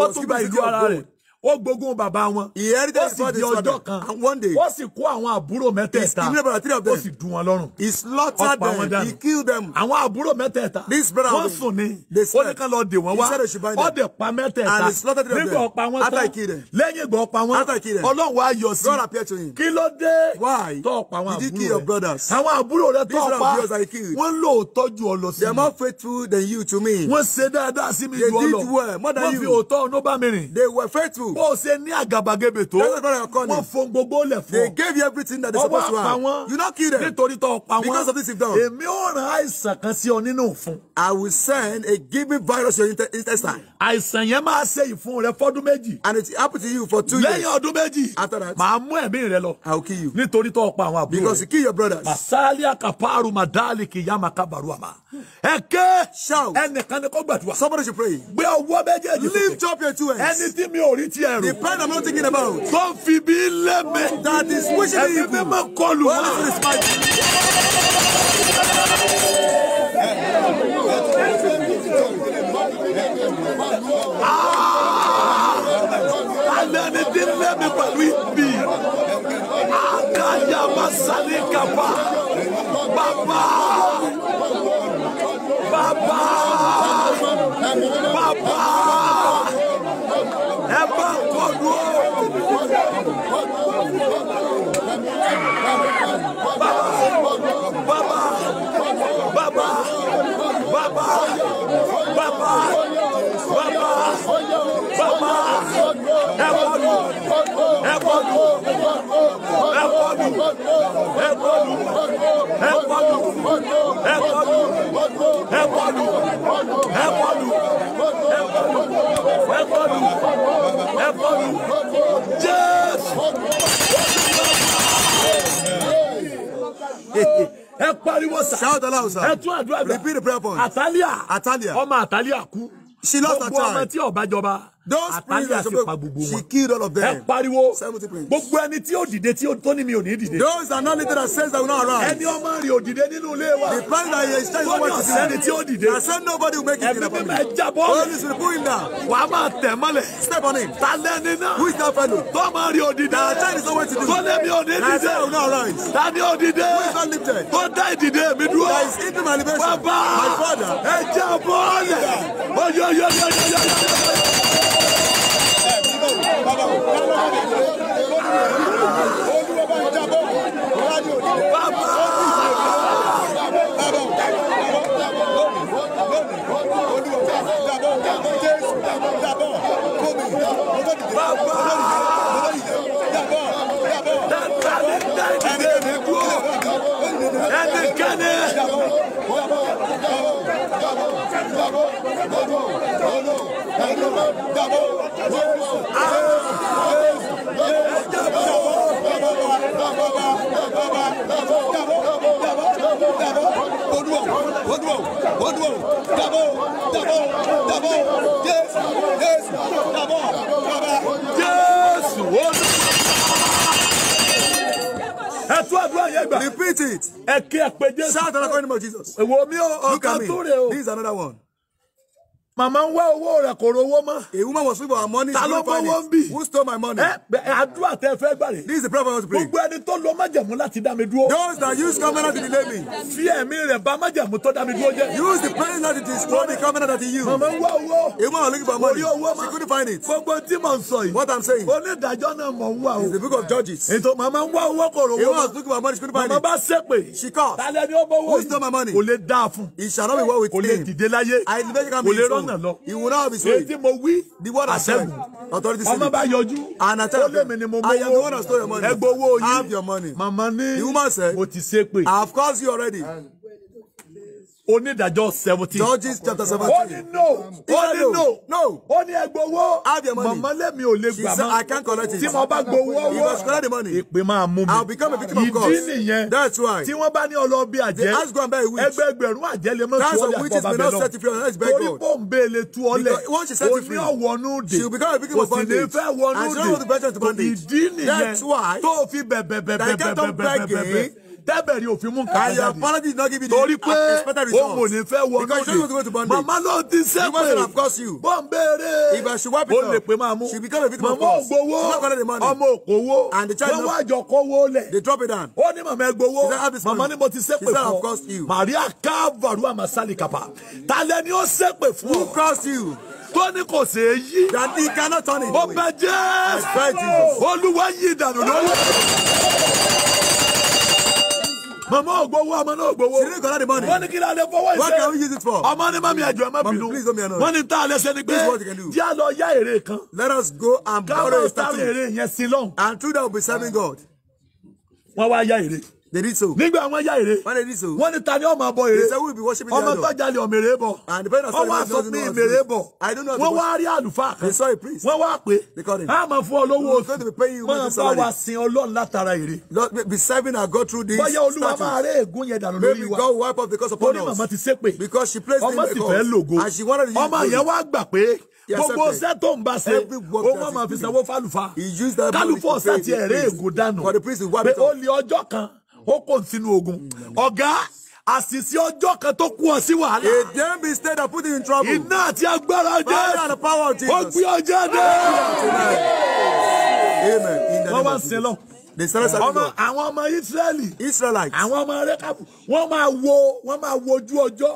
ó tún gba ìlú ara rẹ̀ ó gbógun bàbá wọn. inheritance is the ọjọ́ kan and one day. ó sì kó àwọn àbúrò mẹ́tẹ̀ẹ̀ta. his brother three of them. ó sì dùn wọn lọ́rùn. he slaughtered them he killed them. àwọn àbúrò mẹ́tẹ̀ẹ̀ta. this brother wọn sùn ni. they slept ó ní lọ dè wọ́n wá. he said they should bind them. ó pa mẹ́tẹ̀ẹ̀ta. and he slaughtered three of them. nígbà ọ̀pá wọn tán. after he killed them. lẹ́yìn ìgbà ọ̀pá wọn. after he killed them. ọlọ́run wá yọ sí. God appeared to him. kí ló dé. why tọ́ ọ̀pá àwọn àbúrò rẹ. did he kill your brothers. àwọn àbúrò rẹ tọ́ ọ̀pá. these are wọ́n lò ó tọ́jú ọ lọ sí. they are more faithful than you to me. wọ́n ṣe dáadáa sí mi jù ọ lọ. they did well more than you. wọ́n fi òótọ́ ọ̀nà bá mi rìn. they were faithful bó ṣe ní àgàbàgebè tó wọ́n fún gbogbo lẹ̀ fún ọ. they gave you everything that they supposed to have. ọwọ́ àpá wọn you no kill them. nítorí tó pa wọn because of this symptom. èmi ò rán àìsàn kan sí ọ nínú fún. I will send a giving virus to your intestine. àìsàn yẹn máa ṣe ìfun rẹ fọdún méjì. and it happen to you for two years. lẹ́yìn ọdún méjì. after that màá mú ẹ̀mí rẹ lọ. I will kill you. nítorí tó pa àwọn àbúrò rẹ. because you kill your brothers. masali akaparu madali kiyama kabaru ama. ẹ ké. shout ẹnìkan ni kó gbàdúrà. somebody should pray. gbé ọwọ́ méjèèjì. lift up your two hands. ẹni tí mi ò rí t ti ẹ̀rù. the plan I'm not thinking about. tó fi bí lẹ́mẹ̀. that is wishing you good. ẹ̀mí mẹ́ kọlù wá. alẹ́ ah! ni ti lẹ́mẹ̀ pẹ̀lú ibi. akayama sanikapa Papa. bàbá bàbá ẹ wọlú ẹ wọlú ẹ wọlú ẹ wọlú ẹ wọlú ẹ wọlú ẹ wọlú ẹ wọlú ẹ wọlú ẹ wọlú Jésù ẹ pariwo sa shout aloud sa ẹ tún àdúrà gbà repeat the prayer point atalia atalia ọmọ atalia kú she lost her child gbogbo ọmọ tí ọba jọba. Those àṣepa she killed all of them. ẹ pariwo gbogbo ẹni tí ó dìde tí ó tó ní mi ò ní dìde. those are not little that says that we no arise. ẹni ọmọ rẹ̀ ò dìde nínú ilé wa. the plan that he is trying to work is not ẹni tí ó dìde. na send nobody will make it in the family. ẹbí mi máa jábọ́ rẹ̀. only to pull him down. wàá máa tẹ̀ mọ́lẹ̀. step on him. talẹ́ ni náà. who is that fellow. tọ́mọ rẹ̀ ò dìde. na tell is always to do. tọ́lẹ̀ mi ò ní dìde. na say we no arise. ta ò dìde. who is not lifted. tó dá ìdìde mi dúró. is into my liberation. bàbá ẹ jábọ́ rẹ̀. Baba! Baba! Baba! Baba! Baba! Baba! Baba! ẹnikẹ́ni. Jésù, Jésù, Jésù, Jésù, ẹ àdúrà yẹn gbà. repeat it. ẹ kí ẹ pé Jésù. shout out in the name of Jesus. èwo mi ò ọkà mi. look at me this is another one. Mama, ń wá owó rẹ̀ kò rówó mọ́. A woman was looking for her money. Ta ló gbowó ń bì? Who stole my money? Ẹ àdúrà tẹ fẹ́ gbà rè. This is the problem I want to pray. Gbogbo ẹni tó lọ májẹ̀mú láti dá mi dúró. Those that use covenant to delay me. Fi ẹ̀mí rẹ̀ bá májẹ̀mú tó dá mi dúró jẹ́. Use the prayer that it is for the covenant that you. used. Màmá ń wá owó. A woman was looking for her money. Orí owó ma. She couldn't find it. Gbogbo tí mò ń What I'm saying. Onídàájọ́ náà mọ̀ ń wá o. It's the book of Judges. Ètò màmá ń wá owó woman was looking for money. She couldn't find it. Màmá bá sẹ́pè. She called. Who stole my money? Kò lè dáa fún. It shall not be well with him. Kò lè dìde láyé. I He will not be saved. Èyí The word has said. Authority said. Ọmọ bá yọjú. And I tell you. Ó lè I am the one that stole your money. Have your money. Màmá ní. The woman said. Mo ti ṣépè. I have caused you already. And onídàájọ́ seventeen. judges chapter seventeen. ó ní no ó ní no no ó ní ẹgbowó. have your money mama lẹ́mi ò lè gbà mọ́. she said I can't collect it. tí mo bá gbowó wọ́. you must collect the money. ìpè máa mú mi. I will become a victim of God. ìdí nìyẹn. that's why. tí wọ́n bá ní ọlọ́bí àjẹ́. they ask go and buy a witch. ẹgbẹgbẹ̀rún àjẹ́ lè mọ̀ sí ọ̀lẹ́ àkọ́bàbẹ̀ náà. that's why witches may not set you free unless by God. torí pò ń bèèlè tu ọlẹ̀. once you set you free. o ní ọ̀wọ́nú dè. become a victim of bondage. kò sì ní fẹ́ wọnú dè. and she don't want to be present to bondage. ìdí nìyẹn tó fi tẹ́bẹ̀rì òfin mú nǹkan jáde. àyà apology did not give you the torí pé òun ò ní fẹ́ wọ lóde màmá ló ti sẹ́pẹ̀ bọ́n béèrè ó lè pé máa mú màmá ògbówó ọmọ òkòwó wọ́n wá àjọ kówó lẹ̀ ó ní màmá ẹgbówó màmá ni mo ti sẹ́pẹ̀ fún ọ Maria calvary amasali kapa talẹ ni ó sẹ́pẹ̀ fún ọ tóní kò ṣe é yí. dàdí kaná tọ́ni. ó bẹ jẹ́ olúwa yí ìdànù lọ́wọ́. Mama ò gbowó, ọmọ náà ò gbowó. She didn't collect the money. kí la lè fọwọ́ ìṣe. What can we use it for? Ọmọ ní mami àjọ ẹ bínú. Mami please don't be annoyed. Wọ́n ní tá a lè ṣe ni pé jẹ́ a lọ yá èrè kan. Let us go and borrow a statue. Ká lọ sáré èrè yẹn sí And through that we will be serving ah. God. Wọ́n wá yá èrè. They did so. Nígbà wọn yá ère. When they did so. Wọ́n ní ta ni ọmọ bọ ère. They said we be worshiping the Lord. Ọmọ tọ́jà lè ọmọ ère bọ̀. And the parents said, "Ọwọ́ me mi ìmèrè I don't know. Wọ́n wá rí àlùfáà kan. They saw a priest. Wọ́n wá pé. They called him. A máa fún olówó oṣù. We will paying you money salary. Máa bá wa sin Ọlọ́run látara ère. Lord be serving and go through this. Bọ́yá Olúwa máa rẹ́ ègún yẹn dànù lórí wa. Maybe God wipe off the curse upon us. Orí màmá ti ṣépè. Because she placed him in the court. And she wanted to use the money. Ọmọ yẹn wá gbà pé gbogbo ṣẹ́ tó ń bá ṣe owó máa fi sanwó fálùfà kálùfọ̀ ṣàtì ẹ̀rẹ́ ègò dànù pé ó lè ọjọ́ kan ó kò sínú ogun ọ̀gá àṣìṣe ọjọ́ kan tó kú ọ sí wàhálà. a damn mistake that put you in trouble. iná àti agbára jẹ́ ó gbé ọjọ́ dé. wọ́n wá ń sin lọ the sellers are ọmọ àwọn ọmọ israeli israelites àwọn ọmọ rekabu wọ́n máa wo wọ́n máa wojú ọjọ́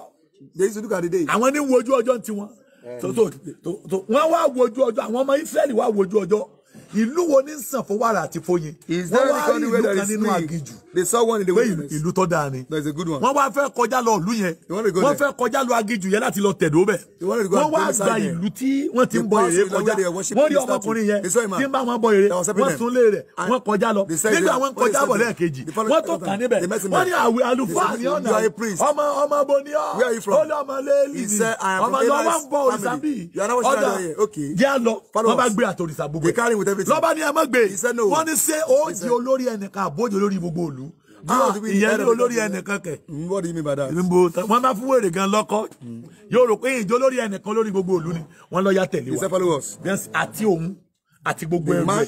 they used to look at the day àwọn ní wojú ọjọ́ tiwọn wọ́n wá wojú ọjọ́ àwọn ọmọ israeli wá wojú ọjọ́ ìlú wo ní sàn fún wàrà àti fóyin wọ́n wá rí ìlú kan nínú aginjù pé ìlú tó dáa ni wọ́n wá fẹ́ kọjá lọ ìlú yẹn wọ́n fẹ́ kọjá lọ aginjù yẹn láti lọ tẹ̀dó bẹ̀ wọ́n wá gba ìlú tí wọ́n ti ń bọ èrè kọjá wọ́n rí ọmọkùnrin yẹn tí ń bá wọn bọ èrè wọ́n sún lé rẹ̀ wọ́n kọjá lọ nígbà wọn kọjá bọ̀ lẹ́ẹ̀kejì wọ́n tó kàn níbẹ̀ wọ́n ní àwẹ̀ àlùfáà ní ọ̀nà ọmọ ọmọ bo ní ọ́ ó lé ọmọ lẹ́ẹ̀lì ni ọmọ lọ́wọ́ ń bọ òrìṣà bíi ọ̀dà jẹ́ àlọ́ wọ́n bá gbé àtòrìṣà lọ́ba ni ẹ mọ̀ gbé wọ́n ní ṣé ó di olórí ẹnìkan àbójú olórí gbogbo òlu ah, ìyẹn ní olórí ẹnìkan kẹ mm, wọ́n máa fún wèrè gan lọ́kọ́ yóò rò pé ìjọ olórí ẹnìkan olórí gbogbo òlu ni wọ́n lọ́ọ́ yá tẹ̀lé wa àti òun àti gbogbo ẹrù ẹ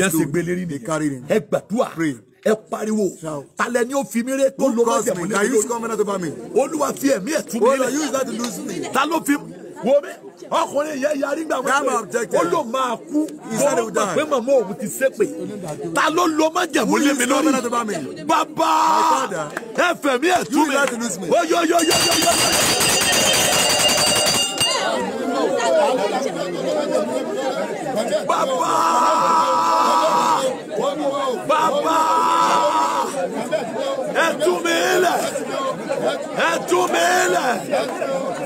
yẹn sì gbélé rí ni ẹ gbàdúrà ẹ pariwo talẹ ni ó fi mi ré tó ló bá jẹ mọ lẹ́yìn olúwa fi ẹ̀mí ẹ tú mi rẹ ta ló fi wo mi ọkùnrin yẹn yarí gbà wọ́n pé ó ló máa kú kó pé màmá òun ti ṣépè ta ló lo májẹ̀mú lé mi lórí bàbá ẹ fẹ̀mí mi ó yọ yọ yọ Bàbá! Bàbá! ẹ tú mi lẹ̀ ẹ tú mi lẹ̀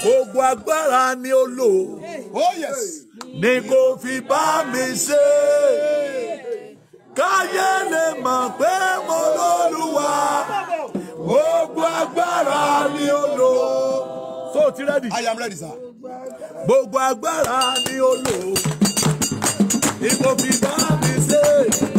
gbogbo agbára ni ó lò oh, ní kò fi bá mi ṣe káyé lè mọ̀ pé mo lólúwa gbogbo agbára ni ó lò. so o ti ready. I am ready sir. gbogbo agbára ni ó lò ní kò fi bá mi ṣe.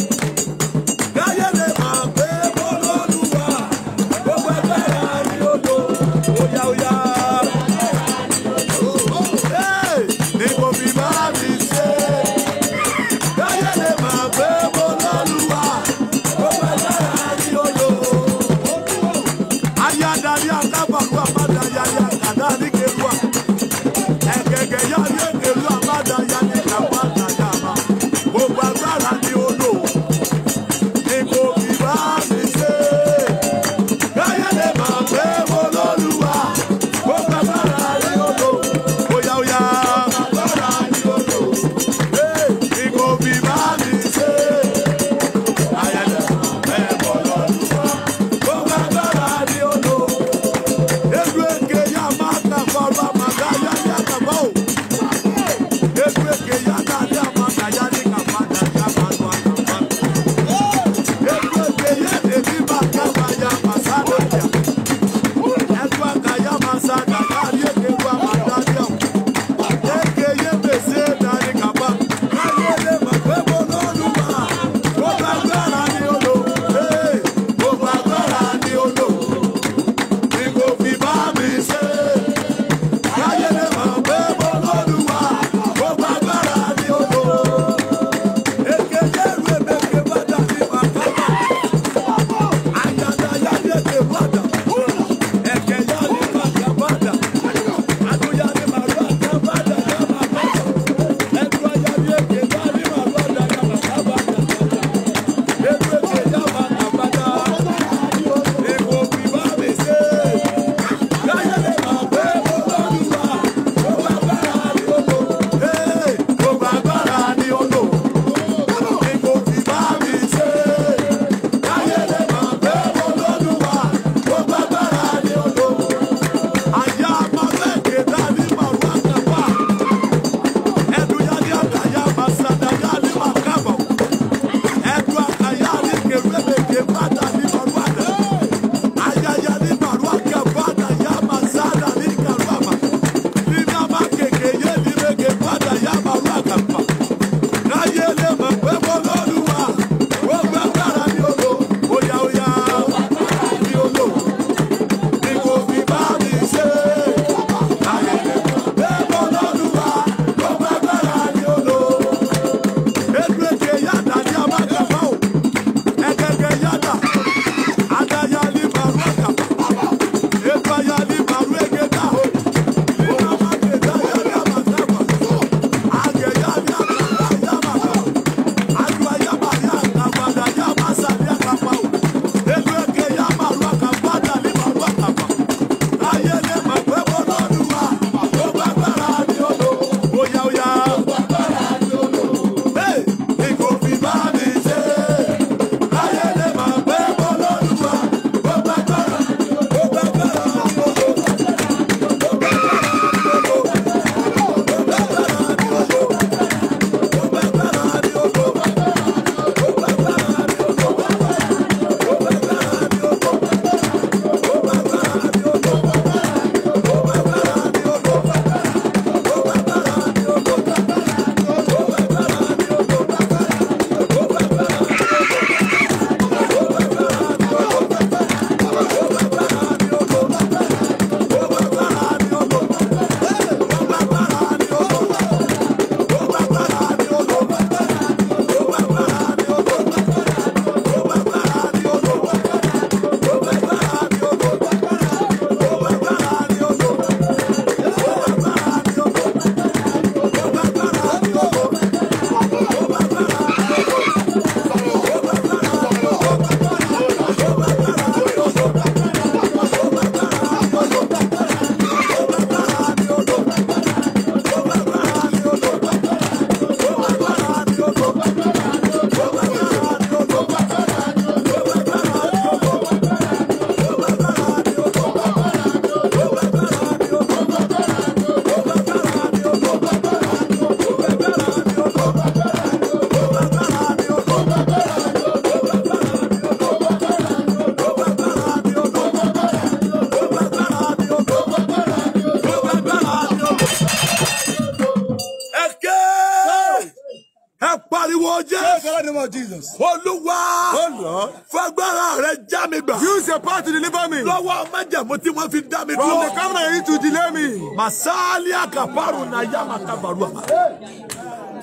masali akaparu na yama kabaru ama.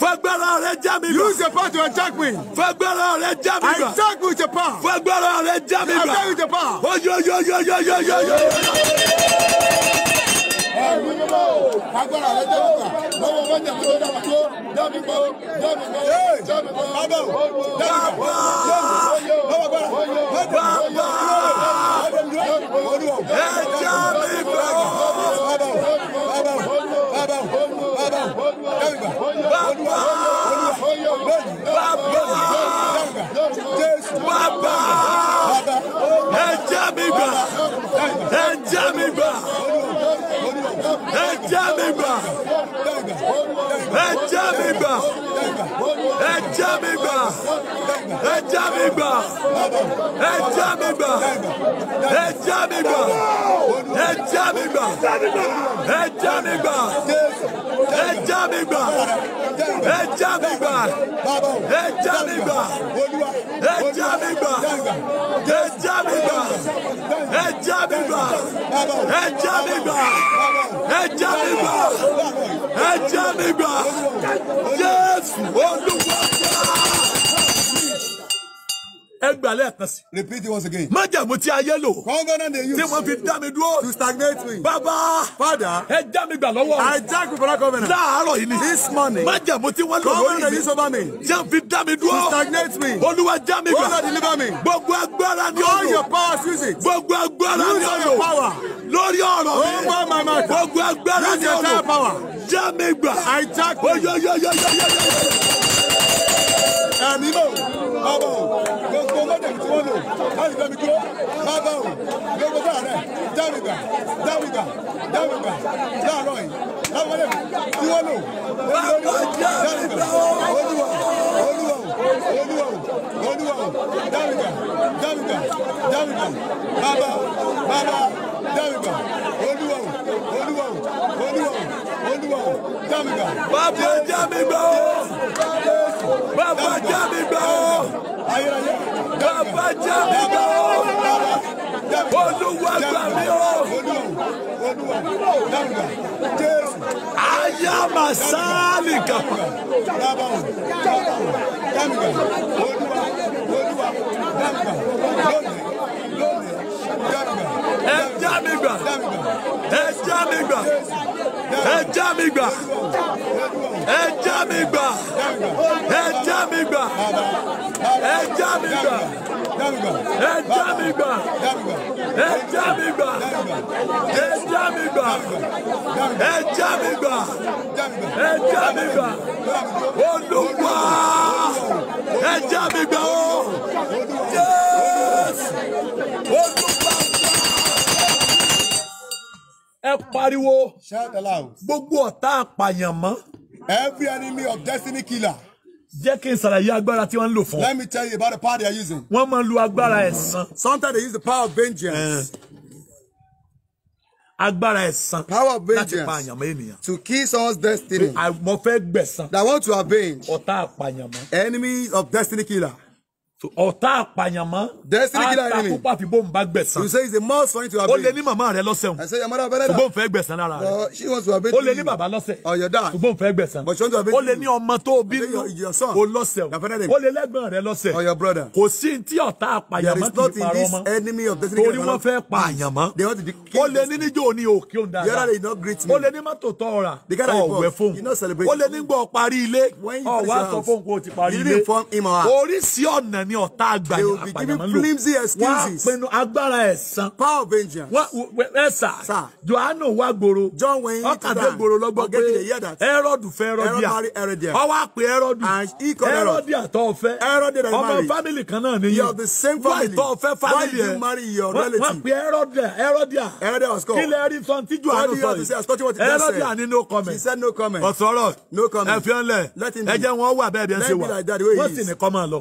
Fagbára rẹ já Use your power to attack me. Fagbára rẹ já mi I attack with your power. Fagbára rẹ já mi I attack with your power. Oyoyoyoyoyoyoyoyo ẹ̀rù ni mọ́ o agbára rẹ jẹ́ nígbà lọ́wọ́ wọ́n jẹ́ mọ́tò dábàá tó dábì gbọ́ dábì gbọ́ dábì gbọ́ dábì gbọ́ dábì gbọ́ lọ́wọ́ agbára mọ́tò. gbà ẹ já mi gbà ẹ já mi gbà ẹ já mi gbà ẹ já mi gbà ẹ já mi gbà ẹ já mi gbà ẹ já mi gbà ẹ já mi gbà ẹ já mi gbà ẹ já mi gbà ẹ já mi gbà ẹ já mi gbà Jésù olú. gbàdúrà lẹ́ẹ̀kan sí. repeat it once again. májàmú tí ayé lò. kọ́ngọ́nà de yóò. tí wọ́n fi dá mi dúró. to stagnate me. bàbá. fada. ẹ já mi gbà lọ́wọ́. i jack with black governor. láàárọ̀ yìí ni. this morning. májàmú tí wọ́n lò lórí mi. kọ́ngọ́nà de yóò sọ́ba mi. tí wọ́n fi dá mi dúró. to stagnate me. olúwa já mi gbà. olúwa oh, deliver me. gbogbo agbára ni ó lò. all your power, use it. gbogbo agbára ni ó lò. use your power. lórí ọ̀rọ̀ mi. ó oh, mọ my mind. gbogbo agbára ni ó lò. use your power. já mi gbà. i jack with ẹ̀mí mọ̀ bàbá o gbogbo mọ́tẹ̀ tí wọ́n lò láti fẹ́mi dúró bàbá o gbogbo bàrẹ̀ dáwìgbà dáwìgbà dáwìgbà láàárọ̀ yìí tiwolo olúwa olúwa olúwa olúwa olúwa dáríga dáríga dáríga bàbá bàbá dáríga olúwa olúwa olúwa olúwa dáríga. bàbá dáríga o bàbá dáríga o bàbá dáríga o olúwa gbà mí o masálìkà. ẹ já mi gbà ẹ já mi gbà ẹ já mi gbà ẹ já mi gbà ẹ já mi gbà ẹ já mi gbà ẹ já mi gbà ẹ já mi gbà ẹ já mi gbà ẹ já mi gbà ẹ já mi gbà Olúwa ẹ já mi gbà o Jésù Olúwa. ẹ pariwo gbogbo ọ̀tá àpàyàn every enemy of destiny killer. Jẹ́ kí n ṣàlàyé agbára tí wọ́n ń lò fún. Let me tell you about the power they are using. Wọ́n máa ń lo agbára ẹ̀san. Sometimes they use the power of vengeance. Agbára ẹ̀san. Power of vengeance. Láti pa àyànmọ́ ènìyàn. To kill someone's destiny. Mo fẹ́ gbẹ̀san. That want to avenge. Ọ̀tá àpàyànmọ́. Enemies of destiny killer. So ọ̀tá àpàyànmọ́. Dẹ́sílì kí láyé ni. Àtàkùpà fi bóun bá gbẹ̀sán. You say it's a must for you to have. Ó lè ní màmá rẹ lọ́sẹ̀ o. I say your mother abẹ́rẹ́ dà. Ṣùgbọ́n fẹ́ gbẹ̀sán lára ni oh, She wants to abate you. Ó lè ní bàbá lọ́sẹ̀. Ọ̀yọ̀ oh, dà. Ṣùgbọ́n fẹ́ gbẹ̀sán. But she wants to abate you. Ó lè ní ọmọ tó bí nù. O lọ́sẹ̀ o. Ó lè lẹ́gbọ̀n rẹ lọ́sẹ̀. Ọ̀yọ̀ oh, brother. Kò sí ti ọ̀tá àpàyànmọ́ kì í parọ́ mọ́. Torí wọ́n fẹ́ pa àyànmọ́. Ó lè ní níjó ni òkè òun dára. Ó lè ní mọ́tò tọ́ ọ̀rà. Ọ̀wẹ̀ fóun. Ó lè ní gbọ́ parí ilé. Ọ̀wá sọ fóun kó o ti parí ilé. Oríṣi ọ̀nà ní ọ̀tá àgbàyà àpàyàmọ́ lò wá pinnu agbára ẹ̀san ẹ̀sà johannu wá gbòòrò ọkàdé gbòòrò lọ́gbọ́ pé ẹrọ́dù fẹ́ ẹrọ́díà ọwọ́ àpè ẹrọ́dù ẹrọ́díà tó fẹ́ ọmọ fámìlì kan náà nìyí wá ìtọ́ fẹ́ fámìlì ẹ̀ wọ́n pè ẹrọ́díà ẹrọ́díà kí lè rí sọ tí johannu sọ yìí ẹrọ́díà ní no comment ọ̀sọ̀rọ̀ ẹ̀fíọ́nlẹ̀ ẹ̀jẹ̀ wọn wà bẹ́ẹ̀ bí ẹ ṣe wà wọ́n sì ní kọ́ máa lọ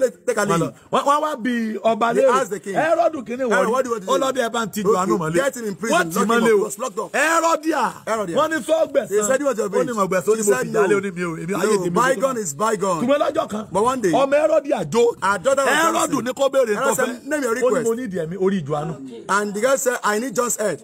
tẹ́ka lè yìí. wọ́n wá bí ọba léèrè ẹ̀rọ́dù kìíní wọ̀nyí ọlọ́dẹ ẹ̀ bá ń tijú àánú mọ́lẹ̀ wọ́n ti mọ́lẹ̀ o ẹ̀rọ́díà wọ́n ní sọ gbẹ̀sán ó ní mọ̀ gbẹ̀sán ó ní mo fi jalè ó ní mi o èmi ayé tèmi ló kọ́ tùmọ̀ lọ́jọ́ kan ọmọ ẹ̀rọ́díà jó ẹ̀rọ́dù ní kó béèrè nǹkan fẹ́ ó ní mo ní ìdí ẹ̀mí orí ìjọ àánú. and the girl said I need just head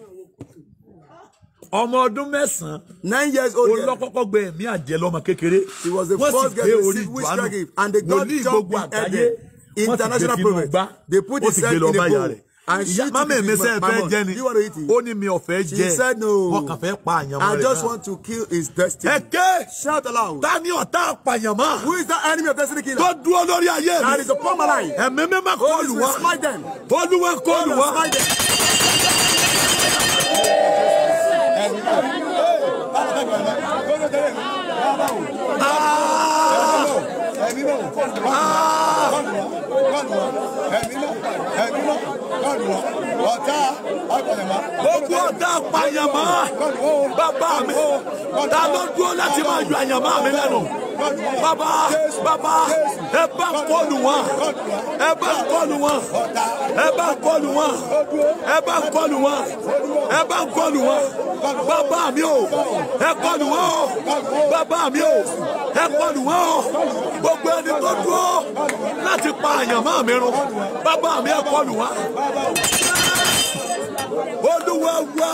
ọmọ ọdún mẹ́sàn nine years old girl. olókọ́kọ́ gbé ẹ̀mí àjẹ́ kékeré. she was the first girl to receive witchcraft gift and the god jump in ẹ̀jẹ̀ international prophet they put the self in a bowl and she took the fish my mouth do you want to eat it. ó ní mi ò jẹ she said no wọn kàn fẹ́ pa àyànmọ́ rẹ̀ i just want to kill his destiny. ẹ̀kẹ́ shout aloud. ta ni ọ̀tá àpàyànmọ́. who is that enemy of destiny killer. tó dúró lórí ayé mi. that is upon my life. ẹ̀mí mímọ́ kọlù wá. olùwà olùwà kọlù wá. Ogun ọ̀tá pàyàmọ́ bàbá mi ta ló dúró láti máa ju àyàmọ́ mi lẹ́nu. Bàbá bàbá ẹ bá kọlù wọn ẹ bá kọlù wọn ẹ bá kọlù wọn ẹ bá kọlù wọn ẹ bá kọlù wọn bàbá mi o ẹ kọlù wọn o bàbá mi o ẹ kọlù wọn o gbogbo ẹni tó dúró láti pa àyànmọ́ mi run bàbá mi ẹ kọlù wọn. olúwa wá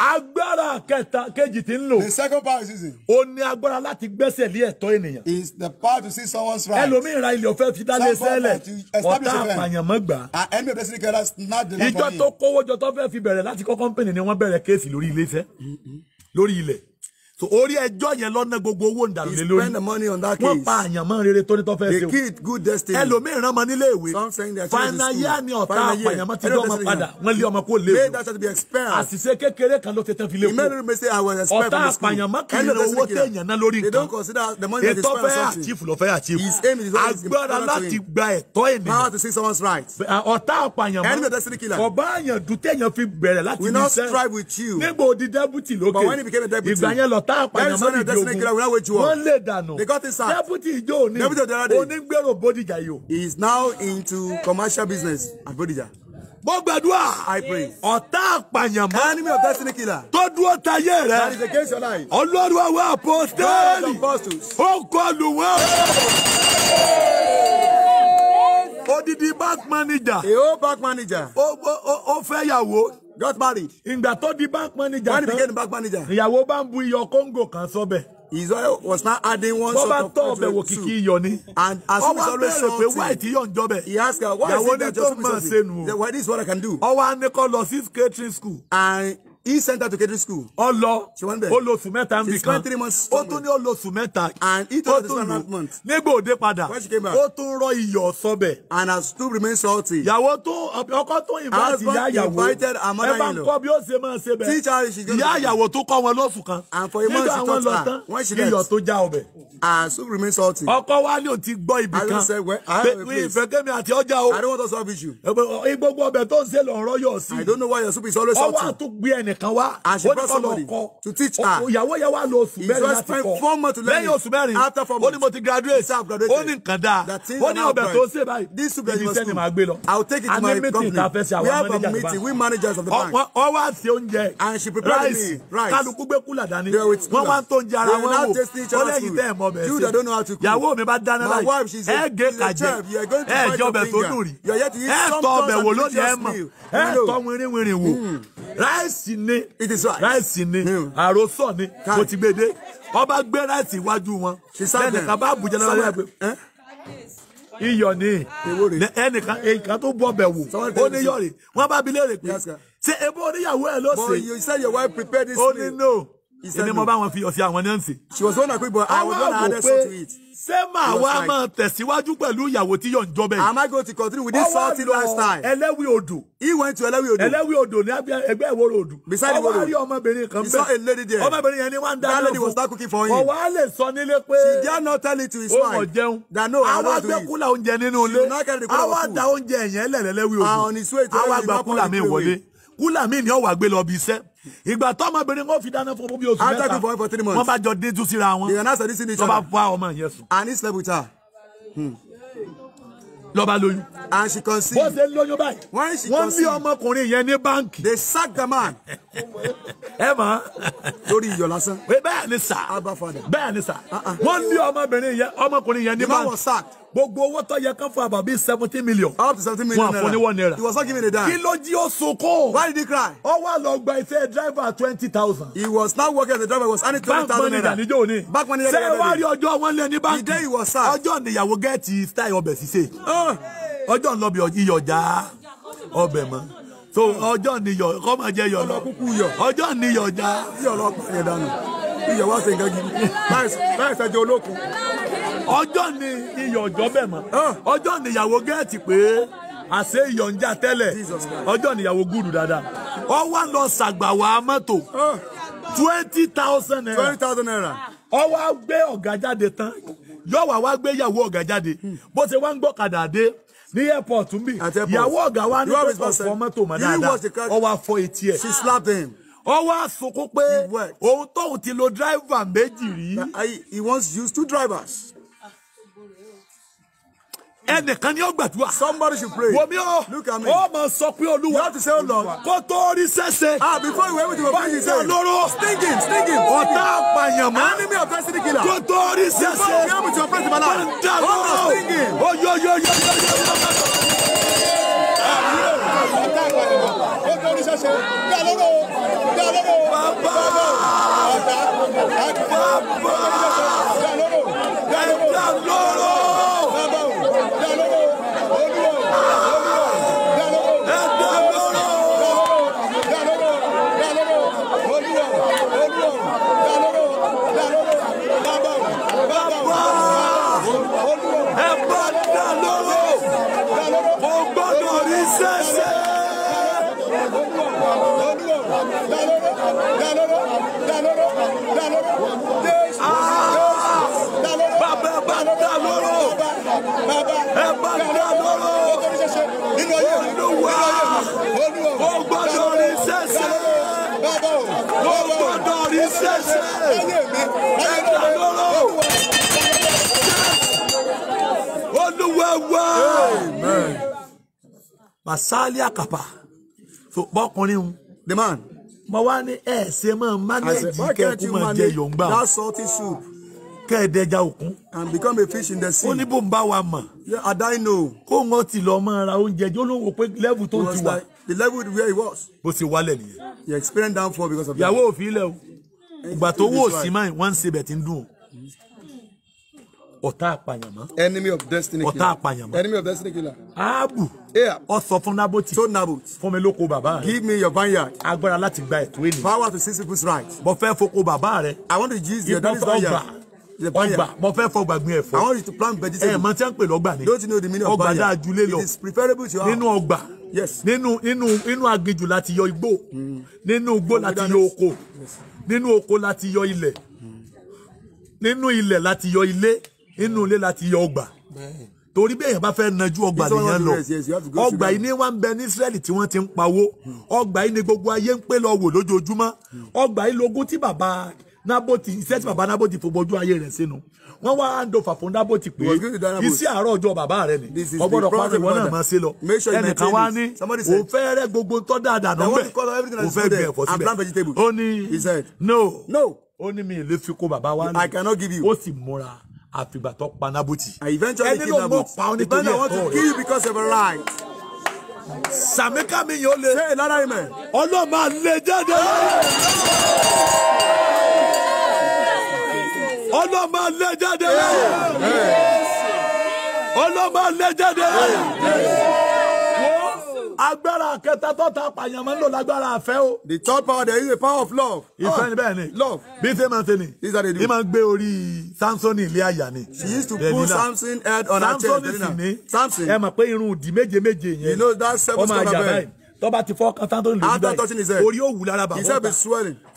agbára kẹta kejì tí ń lò. the second power is easy. o ní agbára láti gbẹ́sẹ̀ lé ẹ̀tọ́ ènìyàn. is the power to see someone's right. ẹlòmíì ra ilẹ̀ ọ̀fẹ́ fi dálé sẹ́lẹ̀ ọ̀tá àpàyàn mọ́ gbà. and enemy of destiny carriers not deliver for him. ìjọ tó kówó jọ tó fẹ́ fi bẹ̀rẹ̀ láti kọ́ kọ́ńpìnì ni wọ́n bẹ̀rẹ̀ kéèsì lórí ilé iṣẹ́ mm-hmm. lórí ilẹ̀ so orí ẹjọ́ yẹn lọ́nà gbogbo owó ń dàlú lé lórí. the money on that case. wọ́n pa àyànmọ́ rere tó ní tó fẹ́ ṣe o. the kid good destiny. ẹlòmíì rán ọmọ nílé ìwé. some saying their children is school. final year ni ọ̀tá àpàyànmọ́ ti dọ́ ọmọ padà wọ́n lé ọmọ kó lé o. may be expelled. àṣìṣe kékeré kan ló ti tán fi lé o. immediately may say I was expelled from the school. ọ̀tá àpàyànmọ́ kì í lo owó téèyàn ná lórí nǹkan. they don't consider the money they spend on something. ètò fẹ́ achieve his aim is always important to him. agbára láti gba ẹ̀tọ́ ènìyàn. to see someone's right. ọ̀tá àpàyànmọ́ enemy of destiny killer. ọba àyàn dùn téèyàn fi bẹ̀rẹ̀ láti we not strive with you. nígbà ó di deputy lókè. but when he tá a pàdé mọ́ níbi ogun wọ́n lè dànù deputy ìjọ òní onígbèrò bódìjà yìí o. he is now into commercial business at bódìjà. mo gbàdúrà ọ̀tá àpàyàn mọ́ enemy of destiny killer tó dúró tayé rẹ̀ ọlọ́run àwọn apostoli ó kọlù wọn odidi bank manager. èyó bank manager. ó ó ó fẹ́ yàwó got married. ìgbà tó di bank manager. when he became the bank manager. ìyàwó bá ń bu iyọ̀ kóńgò kan sọ́bẹ̀. Israel was not adding one sort of country to two. Yoni. And as oh, we always something, why it yon jobe? He asked her, why is it that just me something? Well, this is what I can do. Oh, I call Lossis Catering School. And he sent her to Catholic school. ó lọ oh lo oṣù mẹ́ta ń bì kan ó tún ní ó lo oṣù mẹ́ta ó tún lù nígbà òde padà ó tún rọ iyọ̀ sọbẹ̀. and her stoop remain salty. ìyàwó tó ọkọ tó invite ìyá ìyàwó ẹ bá ń kọ́ bí ó ṣe máa ṣe bẹ́ẹ̀ ìyá ìyàwó tó kọ́ wọn lóṣù kan nígbà wọn lọ tán iyọ̀ tó já ọbẹ̀. And stoop remain salty. ọkọ wa ni o ti gbọ́ ibì kan pé ìfẹ́ kẹ́mi àti ọjà o. I don't want to solve issue. gbogbo ọbẹ̀ tó ń ṣe lọ́rọ̀ yọ̀ sí. I don't know why your soup is always salty. ọwọ́ àtúgbé ẹnì kan wá ó ní kọ́ lọ kọ́ ìyàwó yẹn wá lọ oṣù mẹ́rin láti kọ́ lẹ́yìn oṣù mẹ́rin ó ní mo ti graduate ó ní nǹkan dáa ó ní ọbẹ̀ tó ṣe báyìí ibi iṣẹ́ ni màá gbé lọ a ní meeting have a meeting. We managers of the bank ọ wá sí oúnjẹ rice kálukú gbé kúlà dání wọ́n wá ń tó oúnjẹ ara wọn wò ó lẹ́yìn tẹ́ ẹ̀ mọ́ bẹ̀ẹ́ sí ìyàwó mi bá dáná báyìí ẹ gé kàjẹ ẹ jọ ọbẹ̀ tó dùn rí ẹ tọ ọbẹ̀ wò wò ráìsì ni ráìsì ni hmm. àròsọ ni mo ti gbé dé ọba gbé ráìsì iwájú wọn ẹnìkan bá Àbújá lọ́wọ́ ẹgbẹ́ eh? iyọ̀ ni ẹnìkan ẹnìkan tó bọ̀ bẹ̀ wò ó ní yọ̀ rè wọ́n bá bi léèrè pé ṣé ebó oníyàwó ẹ̀ ló ṣe ó ní no èmi mo bá wọn fi ọ̀sẹ̀ àwọn náà ń sè. she was one of akwibo i was one added salt to it. ṣé màá wá máa tẹ̀síwájú pẹ̀lú ìyàwó tí yóò ń jọ bẹ́ẹ̀. am I going to continue with this salty lifestyle. ẹlẹ́wì odò. he went to ẹlẹ́wì odò. ẹlẹ́wì odò ní ẹgbẹ́ ìwòrò odò. beside ìwòrò odò ọwọ́ àrí ọmọbìnrin kan bẹ́ẹ̀. he saw a lady there. ọmọbìnrin yẹn ni wọ́n ń dáná fún. that lady was not cooking for him. ọwọ́ á sọ nílé pé. she did not tell it to his wife. i want to eat. àwa gbé kúlà oúnjẹ nínú ilé. she did not carry the kúlà of food. àwa da ah, to ẹlẹ́wì odò. àwa gbà kúlà mi wọlé kúlà mi ìgbà tọmọbìnrin wọn fi dáná fún bóbi oṣù mẹ́ta wọn bá jọ déjú síra wọn they announced this in ọmọ yẹn sùn and he slept with her. Hmm lọba lóyún. and she conceived. wọ́n ṣe lóyún báyìí. wọ́n ṣe conceived. wọ́n bí ọmọkùnrin yẹn ní báńkì. they sacked the man. ẹ mọ̀. lórí iyọ̀ lásán. bẹ́ẹ̀ ni sà. abba father. bẹ́ẹ̀ ni sà. Uh-uh. wọ́n bí ọmọbìnrin yẹn ọmọkùnrin yẹn ní báńkì. the man was sacked gbogbo owó tó yẹ kán fún àbàbí seventeen million. up to seventeen million naira wọn àfọwọ́ni one naira. he was not giving a dime. kí ló jí ó sunkún. why did he cry. ó wà lọ gba iṣẹ́ driver twenty thousand. he was not working as a driver he was earning twenty thousand naira. bank manager níjó ni. bank manager níjó ni. ṣé wàá rí ọjọ́ wọn lé ní báńkì. the day he was sacked. ọjọ́ níyàwó gẹ́ẹ̀tì style ọbẹ̀ ṣíṣe. Ah! ọjọ́ ńlọbi iyọ̀já ọbẹ̀ mọ́ so ọjọ́ níyọ̀ kọ́ máa jẹ́ yọ̀ lọ ọjọ́ níyọ̀ já yọ̀ lọ́pàá yẹn dànù. ìyàwó ni iyọ̀ ọjọ́ bẹ̀ mọ́ ọjọ́ ni ìyàwó gẹ́ẹ̀tì pé iyọ̀ ń já tẹ́lẹ̀ ọjọ́ ni ìyàwó dáadáa ọ wá lọ mọ́tò naira twenty thousand naira ọ wá gbé ọ̀gá jáde tán yóò wá wá gbé ìyàwó ọ̀gá jáde hmm. bó ṣe wá ní airport ń bì ìyàwó ọ̀gá wa ní ọ̀fọ̀ mọ́tò mọ́ fọ etí ẹ̀. ó wá sunkún pé òun tóun ti lo driver méjì rí. he once use two drivers. ẹnìkan ni ó gbàdúrà. somebody should pray. wọ́n mi ó ó máa sọ pé olúwa. you have to say o oh, lord. kó tó rí sẹ́sẹ̀. ah before we you wait for me to say. lóró. stinging stinging. ọ̀tá àpàyàn mọ́. enemy of destiny killer. kó tó rí sẹ́sẹ̀. before you wait for me to say. ó ń dà lóró. ó yọ yọ yọ yọ yọ ní sẹ́sẹ̀ dá lóró dá lóró bàbá bàbá bàbá dá lóró dá lóró. dá lóró ẹ má dá lóró olú wa ó gbọ́dọ̀ rí sẹ́sẹ́ ó gbọ́dọ̀ rí sẹ́sẹ́ ẹ dá olúwa wá masali akapa bọkùnrin ń the man mo wá ní ẹ ṣe máa manage kẹkùn máa jẹ yòǹgbà. that's salty soup kẹ́ ẹ dẹja òkun. and become a fish in the sea. ó ní bó ń bá wa mọ̀. yeah and I know. kó ń ọtí lọ mọ ara oúnjẹ jọ ló pé level tó ń ti wà. the level where he was. bó ṣe wálẹ̀ nìyẹn. he experienced downfall because of that. ìyàwó òfin ilẹ̀ o. ìgbà tó wò sí máa wọ́n ń ṣe bẹ̀ tí ń dùn ọ̀tá àpàyàmọ́. enemy of destiny killer. ọ̀tá àpàyàmọ́. enemy of destiny killer. aabu. ọ sọ fún naboti. tó nabot. fún mi lóko bàbá rẹ. give me your vineyard. agbára láti gba ẹ̀tọ́ ènìyàn. power to see people's rights. mo fẹ́ foko bàbá rẹ. I want to use your daddy's vineyard ọgbà mo fẹ́ fọgbà gbin ẹ̀fọ́. I want you to plant vegetable. ẹ mọ tí ń pè lọ́gbà ni. don't you know the meaning of ọgbà dáa lọ. it is preferable to your house. nínú ọgbà nínú nínú nínú aginjù láti yọ igbó nínú igbó láti yọ oko nínú oko láti yọ ilẹ̀ nínú ilẹ̀ láti yọ ilé nínú ilé láti yọ ọgbà torí bí èèyàn bá fẹ́ najú ọgbà nìyẹn lọ ọgbà yìí ni wọ́n ń bẹ ní Ísírẹ́lì tí wọ́n ti ń pawó hmm. ọgbà yìí ni gbogbo ayé ń pè lọ wò lójoojúmọ́ hmm. ọgbà yìí lógún tí bàbá Nábótì iṣẹ́ tí bàbá Nábótì fògbójú ayé rẹ̀ sínú wọ́n wá hand over fún Nábótì pé iṣẹ́ àárọ̀ ọjọ́ bàbá rẹ̀ ni ọgbọ́dọ̀ pàṣẹ wọn náà máa ṣe lọ ẹnìkan wá ní òun fẹ́ rẹ́ gbogbo tó dáadáa náà bẹ̀ òun fẹ́ gbẹ̀ ẹ̀fọ́ síbẹ̀ ó ní no give you. What's ìlú fi kó bàbá wa ní I sì múra àfìgbà tó pa Nábótì ẹni ló mọ̀ pa ọ́ nítorí ẹ̀kọ́ sàmíkà mi yóò lè ọlọ́mà lè jáde lọ́wọ́ ọlọ́mọ alẹ́ jáde ọlọ́mọ alẹ́ jáde agbára kẹta tó ta pààyàn máa ń lò lágbára àfẹ́ o. the third power there is a power of love. ìfẹ́ ni bẹ́ẹ̀ ni love bí ṣe máa ṣe ni ní máa ń gbé orí samsoni ilé àyà ni. she used to put samson head on her chest. samsoni sì ni ẹ mọ̀ pé irun òdì méje méje yẹn ọmọ àjà báyìí tọ́ba ti fọ́ kan samsoni lè ní báyìí orí òwú lára bàbá ọ̀tá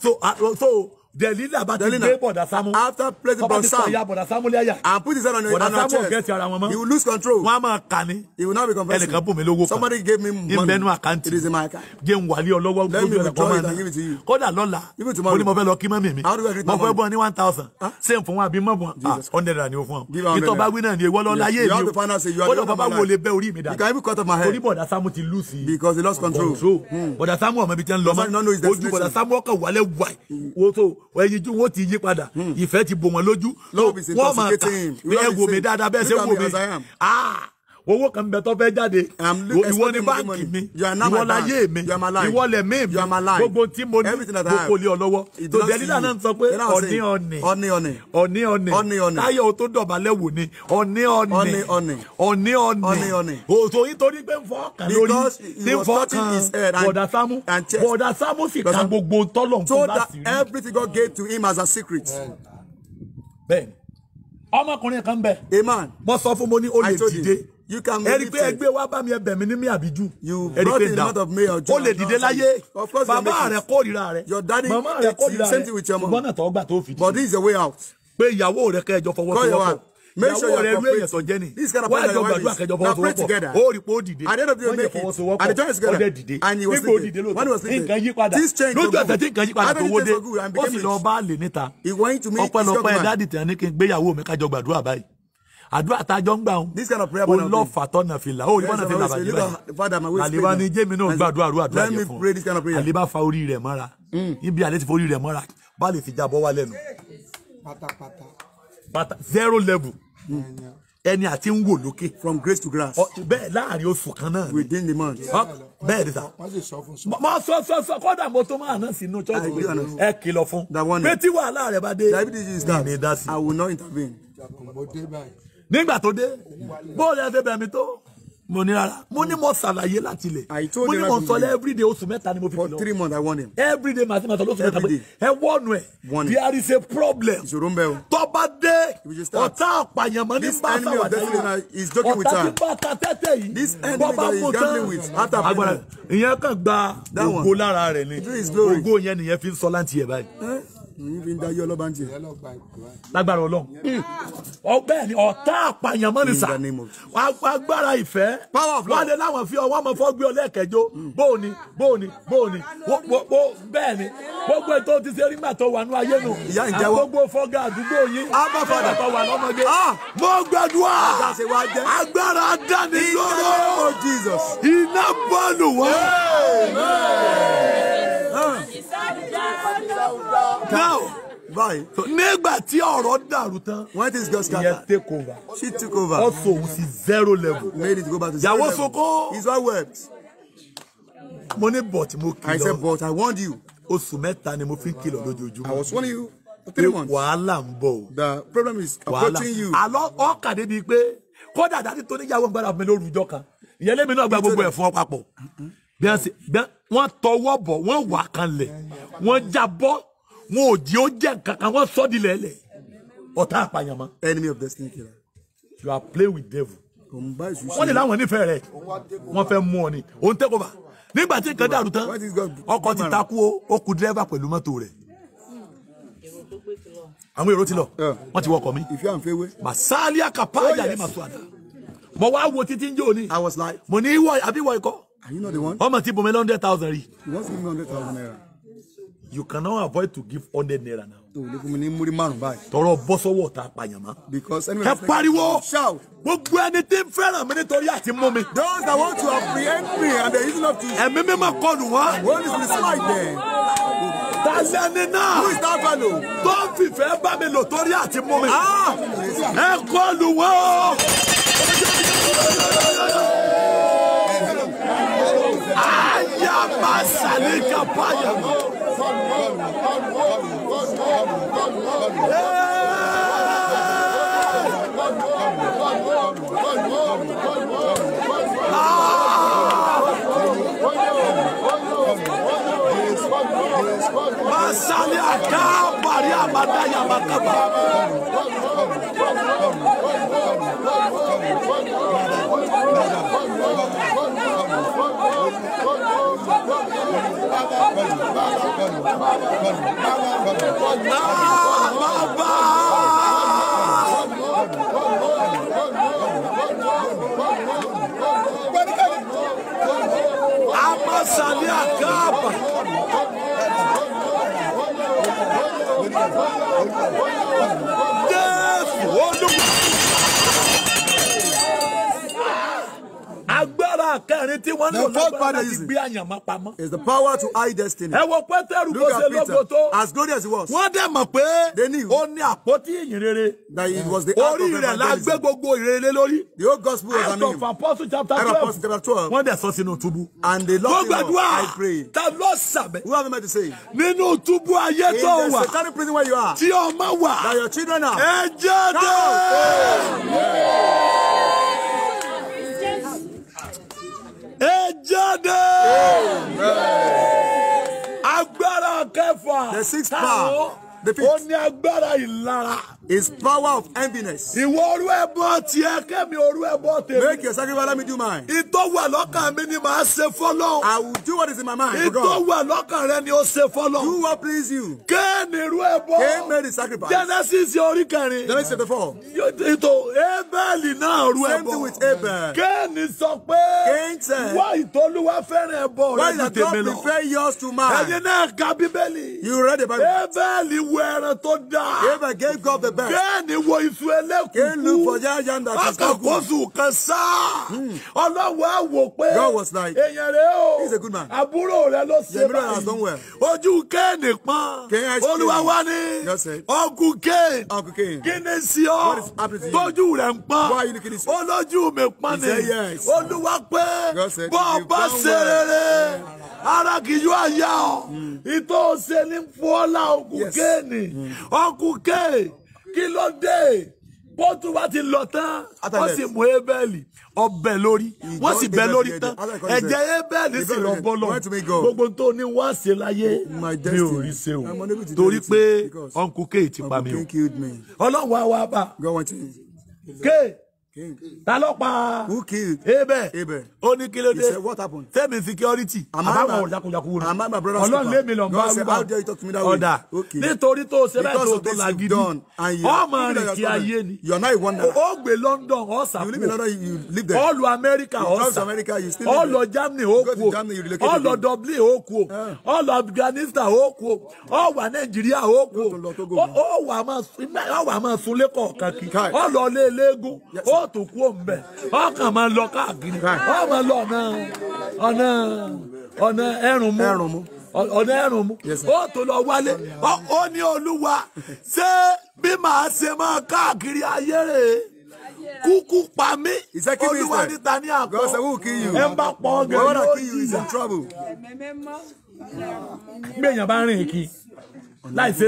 so so. Delila bá the gbé bọ̀dà Sámú. After placing bọ̀dà Sámú. Bọ́dà ti kọ̀ya bọ̀dà Sámú láyà. And put his head on your chest. Bọ̀dà Sámú ò gẹ̀ẹ́sì ara wọn mọ́. He will lose control. Wọ́n á máa kà ní. He will not be conversing. Ẹnìkan bùn mí lówó kan. Somebody gave me money. Ìbẹ́nu àkáǹtì. It is in my account. Jẹ́ n wàlé ọlọ́wọ́ lójú ẹ̀rọ kọ́ máa ní. Kódà lọ́la. Mo ní mo fẹ́ lọ kí mọ́mì mi. Mo money. bọ́ ní one thousand. Ṣé n fún wa àbí mọ́ bọ̀? Ah, hundred naira ni o fún ọ. Ìtọ́ me wí náà ni ìwọ lọ́la yé mi o. Kódà bàbá wo le bẹ́ orí mi dà. Torí bọ̀dà Sámú ti lù sí. Because he lost control. Hmm. Bọ̀dà Sámú ọmọ ibi tẹ́ ń lọ mọ́. Ojú bọ̀dà Sámú ọkọ̀ wálẹ̀ wáì. Wo tó ẹyinjú wọn ti yí padà hmm. ìfẹ́ ti bò wọ́n lójú wọ́n máa ta ẹ wò mí dáadáa bẹ́ẹ̀ ṣe wò mí ah owó kan bẹ tó fẹ́ jáde ìwọ ni báńkì mi ìwọ láyé mi ìwọ lẹ̀mí mi gbogbo tí mo ní gbogbo lé ọ lọ́wọ́ tó dẹ́lílà náà sọ pé ọ̀ní ọ̀nì ọ̀ní ọ̀nì táyọ̀ tó dọ̀bálẹ̀ wò ni ọ̀ní ọ̀nì ọ̀ní ọ̀nì òtò nítorí pé ń fọ́ ọkàn lórí ní fọ́ ọkàn bọ̀dà sámú bọ̀dà sámú sì ka gbogbo tọ́lọ̀ nǹkan bá sì rí. so that everything God gave to him as a secret. bẹ́ẹ̀ni ọmọkùnrin kan bẹ. amen. mo sọ fún mo ní o lè dìde you can believe it. ẹ pé ẹgbẹ́ wa bá mi ẹ bẹ̀ ní mi àbíjú. you brought in a lot of mayor joe. o lè dìde láyé bàbá rẹ kórìíra rẹ. your daddy mama rẹ kórìíra rẹ ṣùgbọ́n náà tọ́ gbà tó fi. but this is a way out. pé ìyàwó rẹ kẹjọ fọwọ́ tó wọ́pọ̀ make sure you're cooperating your wife is na pray together o rí pé ó dìde at the end of the day make it and they join together and he was still there when he was still there this change no go lójú ẹsẹ̀ tí nǹkan yí padà tó wó mi kájọ gbàdúrà báyìí àdúrà tá a jọ ń gbà wọn. this kind of prayer bọ́nà fi olọ́fà tọ́nà fi là ó rí bọ́nà fi là bàjẹ́ báyìí àlèbá ni jẹ́mi náà gbàdúrà rú àdúrà yẹn fún àlèbá fa orí rẹ̀ mọ́ra ibi mm. àlè ti fa orí rẹ̀ mọ́ra bá lè fi jábọ́ wá lẹ́nu. pátápátá zero level mm. ẹni àti ń wò lókè. from grace to grass. bẹ́ẹ̀ láàrin oṣù kan náà. within the month. bẹ́ẹ̀ ni sa. mo sọ sọ sọ kọ́dà mo tó máa ná sí inú church pé ẹ kìlọ̀ fún. pé tí wàhálà rẹ̀ bá dé. diabetes is that I will not intervene nígbà tó dé bóòlù ẹ ṣe bẹ̀mí tó mo ní rárá mo ní mo ṣàlàyé láti ilẹ̀ mo ní mo sọ lẹ́ everyday oṣù mẹ́ta ni mo fi kìlọ̀ for three months I warn him everyday màá sí màá sọ lóṣù mẹ́ta pé ẹ wọ́ọ̀nù ẹ̀ there is a problem ìṣòro ń bẹ o tọ́ba dé ọ̀tá àpàyàn mọ́ ní bàtà wà dáyé ọ̀tá tí bàtà tẹ́tẹ́ yìí bọ́ba mú tán agbára ìyẹn kan gba ògo lára rẹ̀ ni ògo yẹn nìyẹn fi ń sọ láǹtì yẹn báyìí. Eh? yìí fi ń dá lágbára ọlọ́run bẹ́ẹ̀ ni ọ̀tá àpàyàn mọ́ agbára ìfẹ́ wálé láwọn fi ọwọ́ ọmọfọ́ gbé ọlẹ́ẹ̀kẹjọ bóòni bóòni bóòni bẹ́ẹ̀ ni gbogbo ètò ti ṣe rígbà tó wà ní ayé nù gbogbo fọ́gà àdúgbò yín tó wà lọ́mọdé. Ah! mo gbàdúrà agbára dání lóró iná bọ́ọ̀lù wọn now báyìí nígbà tí ọ̀rọ̀ dàrú tán. when things got scatter. ìyẹn take over. she took over. also we see zero level. made it go back to zero level. yàwó soko. his wife wept. mo ní but mo kìlọ̀. I said but I warned you. oṣù mẹ́ta ni mo fi ń kìlọ̀ lójoojúmọ́. I was warning you for three months. wàhálà ń bọ̀ the problem is approaching you. àlọ́ ọ̀kadé bíi pé kódà dàdí tó níyàwó ń gbára mi lóru ìjọ kan ìyẹn lèmi náà gba gbogbo ẹ̀ fún ọ papọ̀ bí wọ́n tọwọ́ bọ̀ wọ́n wà kanlẹ̀ wọ́n jábọ́ wọn ò jí ó jẹ́ kankan wọ́n sọ́ di lẹ́lẹ̀ ọ̀tá àpàyàn mọ́. enemy of destiny killer. you are play with devil. wọ́n lè láwọn nífẹ̀ẹ́ rẹ̀ wọ́n fẹ́ mú ọ ni òun tẹ́ kó bá nígbà tí nǹkan dàrú tán ọkọ̀ ti takú ó kù dírẹ́fà pẹ̀lú mọ́tò rẹ̀ àwọn èrò ti lọ wọn ti wọkọ mi masali akapaya ni masuada mo wá wo títí ń jò ní mo ní ìwọ àbí ìwọ ikọ ọmọ ti bomi lọ́ndẹ̀ thousand rí you cannot avoid to give hundred naira now. o lè fún mi ní múrí márùn báyìí. tọrọ bọ sọ́wọ́ ta pààyàn because anyway. ẹ pariwo gbogbo ẹni tí ń fẹ́ràn mi nítorí àti mú mi. those that want to apprehend me and they reason of the. ẹ̀mí mi máa kọlù wọn. one is the smile there. tàlẹ́ ni náà. who is that fellow. tó ń fìfẹ́ bá mi lò torí àti mú mi. Ah! ẹ kọlù wọn. ayé àmà sàlẹ̀ kà pààyàn Masali akaba ya madaya makaba. Thank you. A maçaria acaba. Death, olha o agbára kẹrin tí wọ́n lò lágbára láti gbé àyànmọ́ pamọ́. is the power to hide destiny. ẹ wo kó ṣe lógo tó. as good as he was. wọ́n dẹ̀ mọ̀ pé ó ní àpótí ìyìnrere. that it was the act of evangelism. orí rẹ̀ la gbogbo ìrere lórí. the old gospel was an hymn. act of apostle chapter twelve. act of chapter twelve. wọ́n dẹ̀ sọ sínú túbú. and the lord him up I pray. ta ló sàbẹ̀. who have you met to say. nínú túbú ayé tó wà. in the satanic prison where you are. tí ọmọ wà. that your children are. ẹ jáde. come. Yeah ẹ jáde. agbára kẹfà. the sixth power defeat. ó ní agbára ìlara. his power of enviness. ìwọ orú ẹbọ tiẹ̀ kẹ́mi orú ẹbọ tèmi. make your sacrifice let me do mine. ìtọ́ wà lọ́kàn mi ni màá ṣe fọ́lọ́. I will do what is in my mind. Oh ìtọ́ wà lọ́kàn rẹ ni ó ṣe fọ́lọ́. do what please you. kéènì irú ẹbọ. Cain made the sacrifice. Genesis orí kẹrin. Genesis chapter four. ìtò Abel náà rú ẹbọ. same thing with Abel. kéènì sọ pé. Cain said. wá ìtọ́lúwa fẹ́ràn ẹbọ rẹ ní tèmi lọ. why did God prefer yours to mine. ẹni náà ka bíbélì. you read the Bible. Abel wo ẹran tó dáa. Abel gave God the best. Bẹ́ẹ̀ni wo iṣu ẹlẹ́kùnkùn. Cain looked for yam yam that is not good. Ọlọ́wọ́ á wò pé. God was like. Èèyàn rẹ̀ o. He is a good man. Àbúrò rẹ̀ ló ṣe báyìí. The mirror has done Ojú Kéènì pọ́n. Cain has changed. Olúwa wá ní. Just say. Uncle Cain. Uncle Kí ni sí ọ? What is happening to you? Tójú rẹ̀ ń pọ́n. Why are you looking at Olójú mi pọ́n ni. He said yes. Olúwa pé. God ni ọkùnkẹ́ kí ló dé bọ́tù wa ti lọ tán wọ́n sì mú ebẹ́ẹ̀lì ọbẹ̀ lórí wọ́n sì bẹ́ lórí tán ẹ̀jẹ̀ ebẹ́ẹ̀lì sì lọ bọ́ lọ gbogbo tó ní wá ṣe láyé mi ò rí ṣe o torí pé uncle k ti pa mi o ọlọ́run àwa bá k ta ló pa Abel ó ní kí ló dé tẹ́mi security àbáwọn ọ̀dàkùnjàkù rẹ̀ ọlọ́run lémi lọ́n bá wíwá ọ̀dà nítorí tó ṣe bẹ́ẹ̀ tó tó làgídí ọmọ rìn kí ayé ni ó gbé London ó sàkó ó lọ Amẹ́ríkà ó sà ó lọ Germany ó kú ó lọ Dublin ó kú eh. ó lọ Afghanistan ó kú ó wà Nàìjíríà ó kú ó wà máa sunlé kọ̀ọ̀kan kí ó lọ lé eléégún ó tó kú òǹbẹ ọkàn máa lọ káàkiri ọ lọ ọ̀nà ọ̀nà ọ̀nà ẹrùn mú ọ̀nà ẹ̀rùn mu ó tó lọ wálé ó ní olúwa ṣé bí màá ṣe máa káàkiri ayé rè kúkú pa mí olúwa níta ní àpò ẹ ń bá pọ̀ ọ̀gẹ̀ ló gbé èèyàn bá rìn kí láì ṣe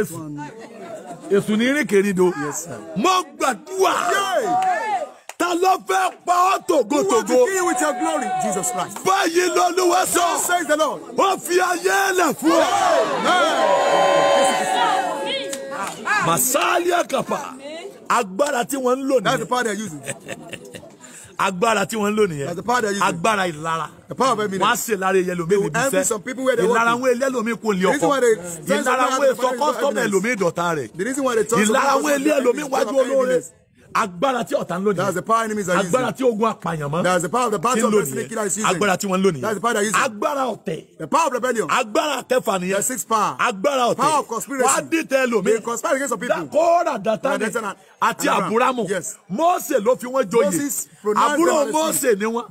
èṣù ní rìn kèrìdò mo gbàdúrà ta ló fẹ́ pa ọ́ tògótògó. who will be with your glory Jesus Christ. báyìí lọ́lúwa sọ. so says the Lord. ó fi ayé lẹ̀ fún ọ. masalia kapa agbára tí wọ́n ń lò nìyẹn. that's the power they are using. agbára tí wọ́n ń lò nìyẹn agbára ìlara wọ́n á ṣe lára ẹlòmíì níbi iṣẹ́ ìlara wọn ẹlẹ́lòmíì kò lè ọkọ ìlara they èso kọ́sọ́mù ẹlòmíì dọ̀tá rẹ̀ ìlara wọn ẹlẹ́lòmíì wájú olóore agbára tí ọ̀tá ń lò nìyẹn. that's the power enemies are using. agbára tí ogun apàyàn mọ́. that's the power of the party of the sinning That is using. agbára tí wọ́n ń lò that's the power they are using. agbára ọ̀tẹ̀. the power of rebellion. agbára àtẹ̀fà the sixth power. agbára ọ̀tẹ̀. power of conspiracy. wàá dìtẹ̀ ẹlòmíì. they conspire against some people. kóra dátánì àti àbúrámù. yes. Mósè ló fi wọ́n joyè. Moses àbúrò Mósè ni wọn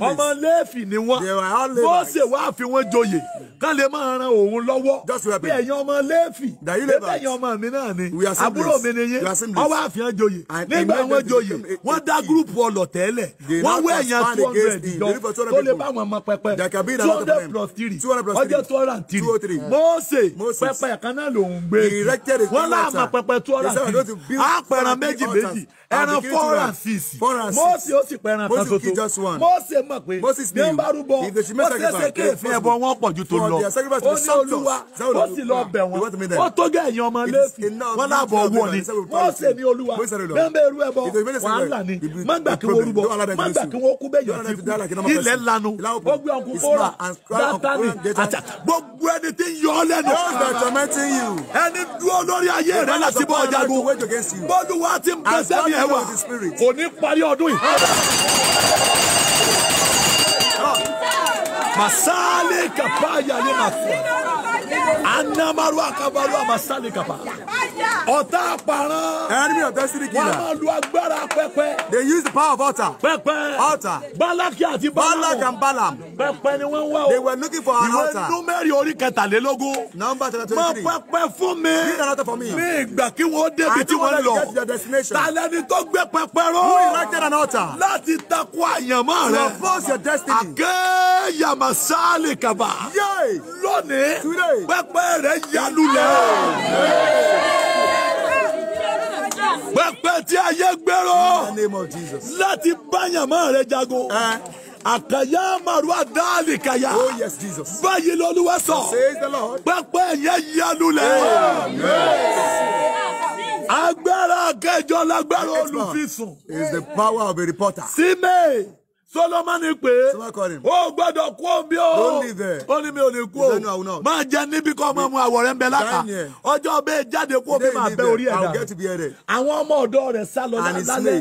ọmọ Léfì ni wọn Mósè wá fi wọn joyè kán lè máa ran òun lọ́wọ́ bí ẹ̀yin ọmọ Léfì lébẹ̀ ẹ̀yin ọmọ mi náà ni àbúrò mi ni yín ọwọ́ àfihàn joyè nígbà wọn joyè wọn dá gúrùpù ọlọ̀tẹ́lẹ̀ wọn wé ẹ̀yàn two hundred jọ tó lè bá wọn mọ pẹpẹ two hundred plus three ọjọ́ two hundred and three Mósè pẹpẹ kan náà lòún gbé wọn láàmú pẹpẹ two hundred and three àpẹran méjì méjì ẹran four and six Mósè ó sì pẹran kan ṣoṣo Mósè mọ̀ pé bí wọ́n bá rúbọ Mósè ṣe kéèfé ẹbọ wọn pọ̀ ju tó lọ ó ní olúwa ó sì lọ bẹ̀ wọ́n ó tó gẹ̀ ẹ̀yìn ọmọ lẹ́sìn wọn láàbọ̀ owó ni Mósè ní olúwa bẹ́ẹ̀ bẹ́ẹ̀ rú ẹbọ wàhálà ni má gbà kí wọ́n rúbọ má gbà kí wọ́n kú bẹ́ẹ̀ yọ̀ sí kú ilẹ̀ lanu ó gbé ọkùn kóra dátánì àtà gbogbo ẹni tí ń yọ ọ lẹ́nu ẹni dúró lórí ayé rẹ̀ láti bọ́ ọjà gbó bọ́lúwa ti ń pẹ́ sẹ́mi ẹ̀wà kò ní parí ọdún yìí. masale kapaya ale mafua anamarua kabarua masale kapaya ọ̀tá àparán. enemy of destiny killer. máa lu agbára pẹpẹ. they use the power of altar. pẹpẹ. altar. balaki àti balaam. balak and Balam. pẹpẹ ni wọ́n wá o. they were looking for an altar. ìwé númẹ́rì orí kẹtàlélógún. number twenty three. máa pẹpẹ fún mi. give an altar for me. mi ìgbà kí wọ́n débi tí wọ́n lọ. I don't want to get your destination. tó gbé pẹpẹ ró. who erected an altar. láti takò àyànmọ́ rẹ. to oppose your destiny. àgẹ́ yamasali kaba. yay. lónìí. today. pẹpẹ rẹ yálù lẹ. Yeah. Yeah pẹpẹ tí ayé gbèrò láti báyàmọ́ rẹ jago. Àkàyà màrú àdáàlì kàyà. Oh yes Jesus. Báyìí lọ́lúwa sọ. Says the Lord. Pẹpẹ yẹn yalulẹ̀. Amen. Agbára kẹjọ lágbára olùfisùn. Is the power of a reporter. Símè. Solomoni pé o gbọ́dọ̀ kú omi o ó ní mi ò lè kú o máa jẹ níbi kọ́ ọmọ mu àwọ̀ rẹ̀ ń bẹ láta ọjọ́ bẹ́ẹ̀ jáde kú omi máa bẹ orí ẹ̀dá àwọn ọmọ ọ̀dọ́ rẹ̀ sá lọ lálẹ́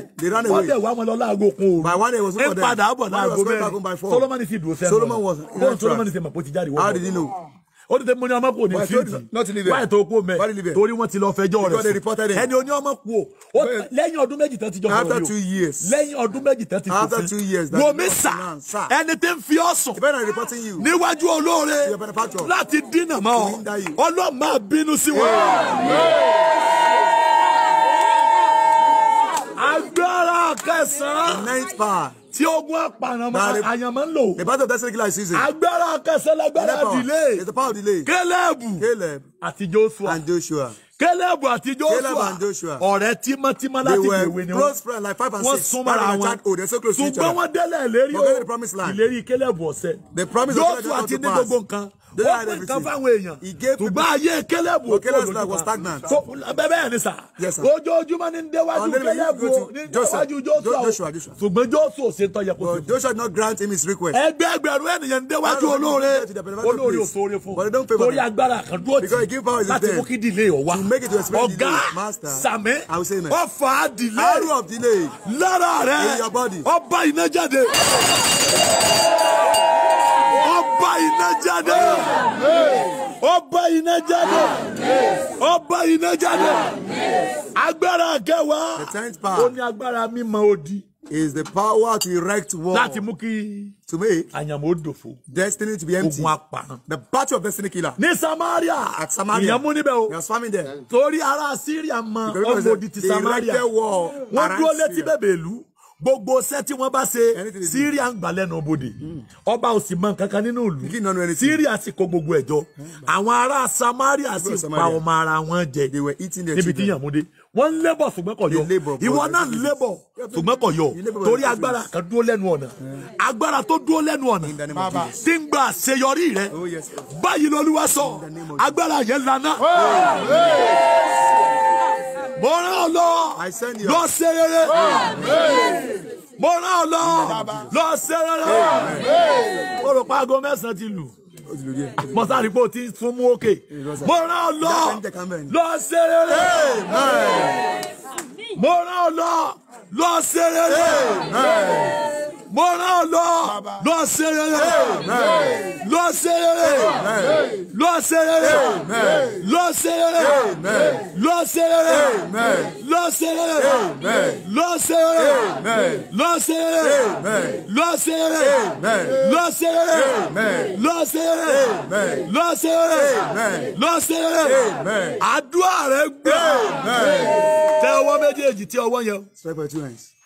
wọ́n tẹ̀ wá wọn lọ láago kun o ń padà bọ̀ láago mẹ́rin Solomoni sì dùn sẹ́nu kó Solomoni sì mọ̀ pé ó ti jáde wọ́n ó ní tẹ́mi ní ọmọ kò ní fíìdì wáyé tó kó mẹ́ torí wọ́n ti lọ fẹjọ́ rẹ̀ sùn ẹni oní ọmọ kú o lẹ́yìn ọdún méjì tán ti jọ sọ̀rọ̀ yìí o lẹ́yìn ọdún méjì tán ti kò sí wòmí sà ẹni tí ń fi ọ́ sùn níwájú olóore láti dínà mọ́ ọ ọlọ́ọ̀ máa bínú sí wọn. agbára kẹsàn-án tí ogun apanama àyànmọ́ ń lò. the battle of destiny killer season. agbára kẹsẹ̀ lágbára delay. it's the power of delay. kélébù. kélébù. Ati joshua. and joshua. kélébù ati joshua. Joshua. ọ̀rẹ́ tímọ́tímọ́ láti gbèwé ni wọ́n. they were close friends like five and six. wọ́n súnmọ́ ra wọn. Oh, ṣùgbọ́n wọ́n délẹ̀ lérí o. ìlérí kélébù ọ̀sẹ̀. the promise of God is not to pass. joshua ti ní gbogbo nǹkan ó pín nǹkan fáwọn èèyàn tùgbà ayé kẹlẹ́bù òkú olùdíje so bẹ́ẹ̀ ni sà ojoojúmọ́ ni ń déwájú kẹlẹ́bù ní déwájú Joshua ṣùgbọ́n Joshua ò ṣe tọ́ yẹ kó ṣe. Joshua did not grant him his request. ẹgbẹ́ ẹgbẹ̀rún ènìyàn ń déwájú olóore olóore ò sóore fún torí agbára kan dúró tì láti mú kí dìlé ọ̀ ọ̀gá sàmì ọ̀fà dìlé lára rẹ̀ ọba iná jáde bá iná jáde. Ó bá iná jáde. Ó bá iná jáde. Agbára kẹwàá. The ní agbára mímọ odi. Is the power to erect walls. Láti mú kí. To make. Àyànmó dòfo. Destiny to be empty. Ogun apàrán. The battle of destiny killer. Ní Samaria. At Samaria. Ìyàmú níbẹ̀ o. He was farming there. Torí ará Syria mọ ọmọ ti Samaria. They erected wall around Syria. Wọ́n dúró létí bẹ̀bẹ̀ ìlú gbogbo iṣẹ́ tí wọ́n bá ṣe Syria ń gbà lẹ́nu bodè hmm. ọba ò sì mọ kankan nínú ìlú Syria sì kó gbogbo ẹ̀jọ hmm. àwọn ará Samaria sì pa ọmọ ara wọn jẹ níbi tí yàmúdé wọ́n ń lébọ̀ ṣùgbọ́n kò yọ ìwọ náà ń lébọ̀ ṣùgbọ́n kò yọ torí agbára kan dúró lẹ́nu ọ̀nà hmm. agbára tó dúró lẹ́nu ọ̀nà tí ń gba àṣeyọrí rẹ oh, báyìí lolúwa sọ agbára yẹn lana mo rán ọ lọ lọ ṣe rere mo rán ọ lọ lọ ṣe rere mo rò pa aago mẹ́sàn-án ti lù mo sáré pé o ti tún mú òkè mo rán ọ lọ lọ ṣe rere mo rán ọ lọ lọ ṣe rere mo rán ọ lọ lọ ṣe rere lọ ṣe rere lọ ṣe rere lọ ṣe lọ ṣe lọ ṣe lọ ṣe lọ ṣe lọ ṣe lọ ṣe lọ ṣe lọ́sẹ̀ lọ́sẹ̀ àdúrà rẹ gbà tẹ ọwọ́ méjèèjì tí ọwọ́ yẹn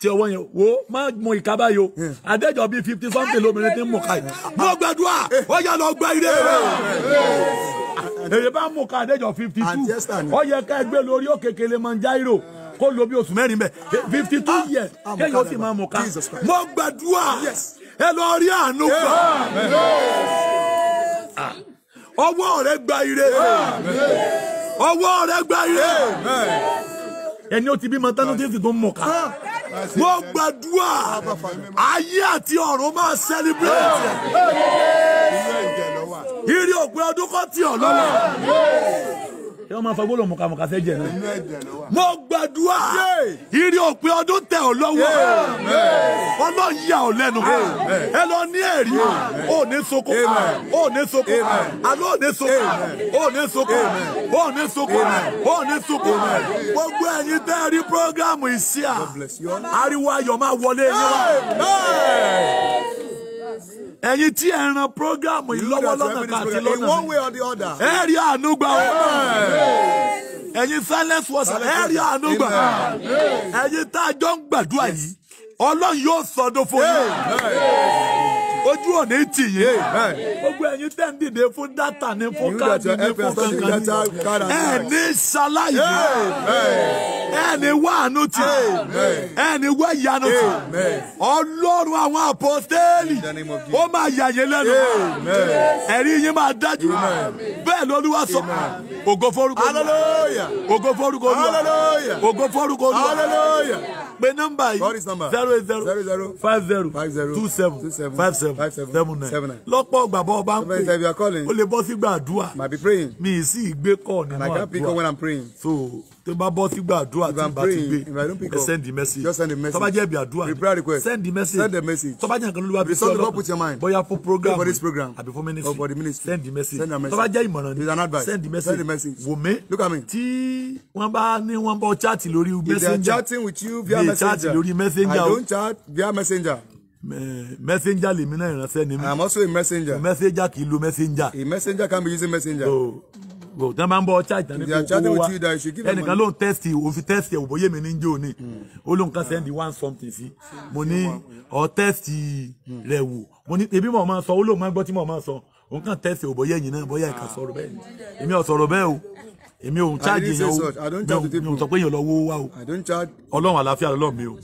tí ọwọ́ yẹn wo má mú ìka báyìí o adéjọ bíi fifty something lóbìnrin tí ń mú ká yìí mo gbàdúrà ó yà lọ gba ilé rẹ èrè bá mú ká adéjọ fifty two ó yẹ ká ẹgbẹ́ lórí òkè Kilimanjaro kó lo bí oṣù mẹ́rin bẹ́ẹ̀ ah. fifty two ah. years ah, kéèyàn ó sì máa mú ká mo gbàdúrà ẹ lọ rí àánú gbà. Ah. ọwọ́ rẹ gba ire ọwọ́ rẹ gba ire ẹni ó ti bímọ tánú tí ó sì tún mọ̀ ká ah. mo gbàdúrà ayé àti ọ̀run máa celebrate ire òpin ọdún kan tí ọ̀ lọ́wọ́ ẹ máa fọ gbọ́dọ̀ mọ̀kàmọ̀kà fẹ́ jẹ náà. mo gbàdúrà ìrì òpin ọdún tẹ ọ lọ́wọ́ ọlọ́run yà ọ lẹ́nu ẹ lọ ní ẹ̀rí o ò ní soko o ò ní soko àlọ́ ò ní soko o ò ní soko o ò ní soko o ò ní soko gbogbo ẹ̀yin tẹ́ ẹ rí programu ìsíà ariwo ayọ̀ máa wọlé yín wá ẹ̀yin tí ẹ ran program yìí lọ́wọ́ lọ́nà kàti lọ́nà mi ẹ rí àánú gbà o ẹ̀yin silence was ẹ rí àánú gbà ẹ̀yin tá a jọ ń gbàdúrà yìí ọlọ́run yóò sọdọ̀ fún yín ojú òní tì yé gbogbo ẹ̀yin tẹ́ ń dìde fún dátà ni fún káàdì ni fún kankan ni ẹ̀ ní ṣaláyé ẹ̀ ní wàánú tì ẹ̀ ní wẹ̀yánu tì ọlọ́run àwọn àpọ́stẹ́ẹ̀lì ó máa yàyé lẹ́nu ẹ̀rí yín máa dájú bẹ́ẹ̀ lÓlúwa sọ ògo fórúkọ Olúwa ògo fórúkọ Olúwa ògo fórúkọ Olúwa pé nọ́mbà yìí zero zero five zero two seven five seven seven nine lọ́pọ̀ ọgbà bọ́ ọba ń pè ó lè bọ́ sígbà àdúrà mi ì sì gbé kọ́ nínú àdúrà so tó bá bọ́ sígbà àdúrà tí bá ti gbé ẹ send the message tó bá jẹ́ ibi àdúrà send the message tó bá jẹ́ nǹkan lóluwà bí sọ́dọ̀ bóyá fún program àbí fún ministry send the message tó bá jẹ́ ìmọ̀ràn ni send the message wò mí tí wọ́n bá ní wọ́n bọ́ chat lórí messenger lè chaati lórí messenger I don't chat via messenger. Me, messenger lèmi náà ìránṣẹ́ ni mi. I'm also a messenger. messenger kì í lo messenger. a messenger can be using messenger. so go tán bá ń bọ charge tán ní kó kó wa ẹnìkan ló ń test o fi test ẹ òbóyè mi ní jẹ́ òní hmm. ó ló ń kan send the one something sí mo ní hmm. ọ test rẹ wò mo ní ebi mọ̀ máa sọ ó lóun máa gbọ́ tí mọ̀ máa sọ òun kàn test òbóyè yìí náà bóyá ìkà sọ̀rọ̀ bẹ́ẹ̀ ni èmi ò sọ̀rọ̀ bẹ́ẹ̀ o èmi ò ń charge èèyàn o mi ò sọ pé èèyàn lọ wo wa o ọlọ́run àlàáfíà lọ́lọ́run mi o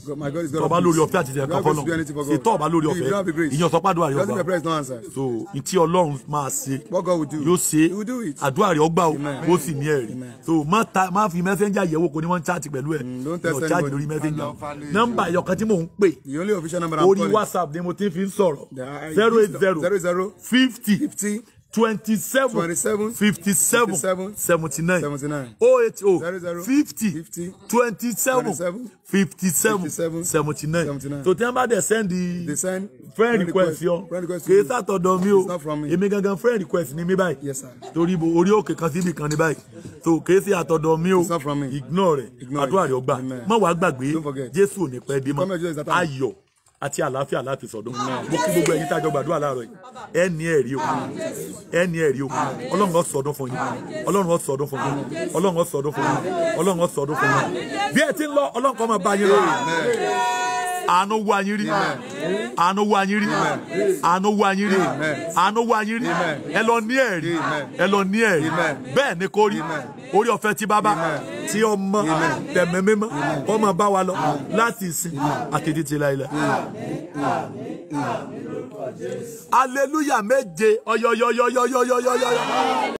tọ́ba lórí ọ̀fẹ́ àti ìtẹ̀yàn kan fọ́nà ṣe tọ́ọ̀ba lórí ọ̀fẹ́ ìyàn sọ pé àdúrà rẹ̀ ọgbà so ntí ọlọ́run máa ṣe yóò ṣe àdúrà rẹ̀ ọgbà o ó sì ní ẹ̀rí so má fi messenger yẹ̀wò kò ní wọ́n ń charge pẹ̀lú ẹ̀ mm, yóò charge lórí messenger nọ́mbà ẹ̀yọ̀kan tí mò ń pè orí whatsapp ni mo ti fi ń sọ̀rọ̀ zero eight zero fifty. 27 27 57 57 79 79 080 00 50 50 27 57 57 79 so tí wọ́n bá dẹ̀ send the friend request yọ kì í sàtọ̀dọ̀ mi o èmi gangan friend request ni mi báyìí torí orí òkè kan síbi kan ni báyìí so kì í sí àtọ̀dọ̀ mi o ignore rẹ̀ àdúrà rẹ̀ ọgbà má wàá gbàgbé Jésù ò ní pẹ́ dé mọ́ ayọ̀ àti àlàáfíà láti sọdún mo kí gbogbo ẹ̀yin tájọ gbàdúrà láàárọ̀ yìí ẹ ní ẹ̀rí o ẹ ní ẹ̀rí o Ọlọ́run ó sọdún fún yín Ọlọ́run ó sọdún fún yín Ọlọ́run ó sọdún fún yín Ọlọ́run ó sọdún fún yín bí ẹ ti ń lọ Ọlọ́run kó máa bá yín lọ àánú wá yín rí àánú wá yín rí àánú wá yín rí àánú wá yín rí ẹ lọ ní ẹ̀rí ẹ lọ ní ẹ̀rí bẹ́ẹ̀ ni kò rí orí ọ̀fẹ́ tí bàbá tí ọmọ tẹ̀mẹ́ mímọ́ ọmọ bá wa lọ láti ìsìn àtẹ̀dí ti láìlẹ̀. aleluya méje ọyọyọyọyọyọyọyọ.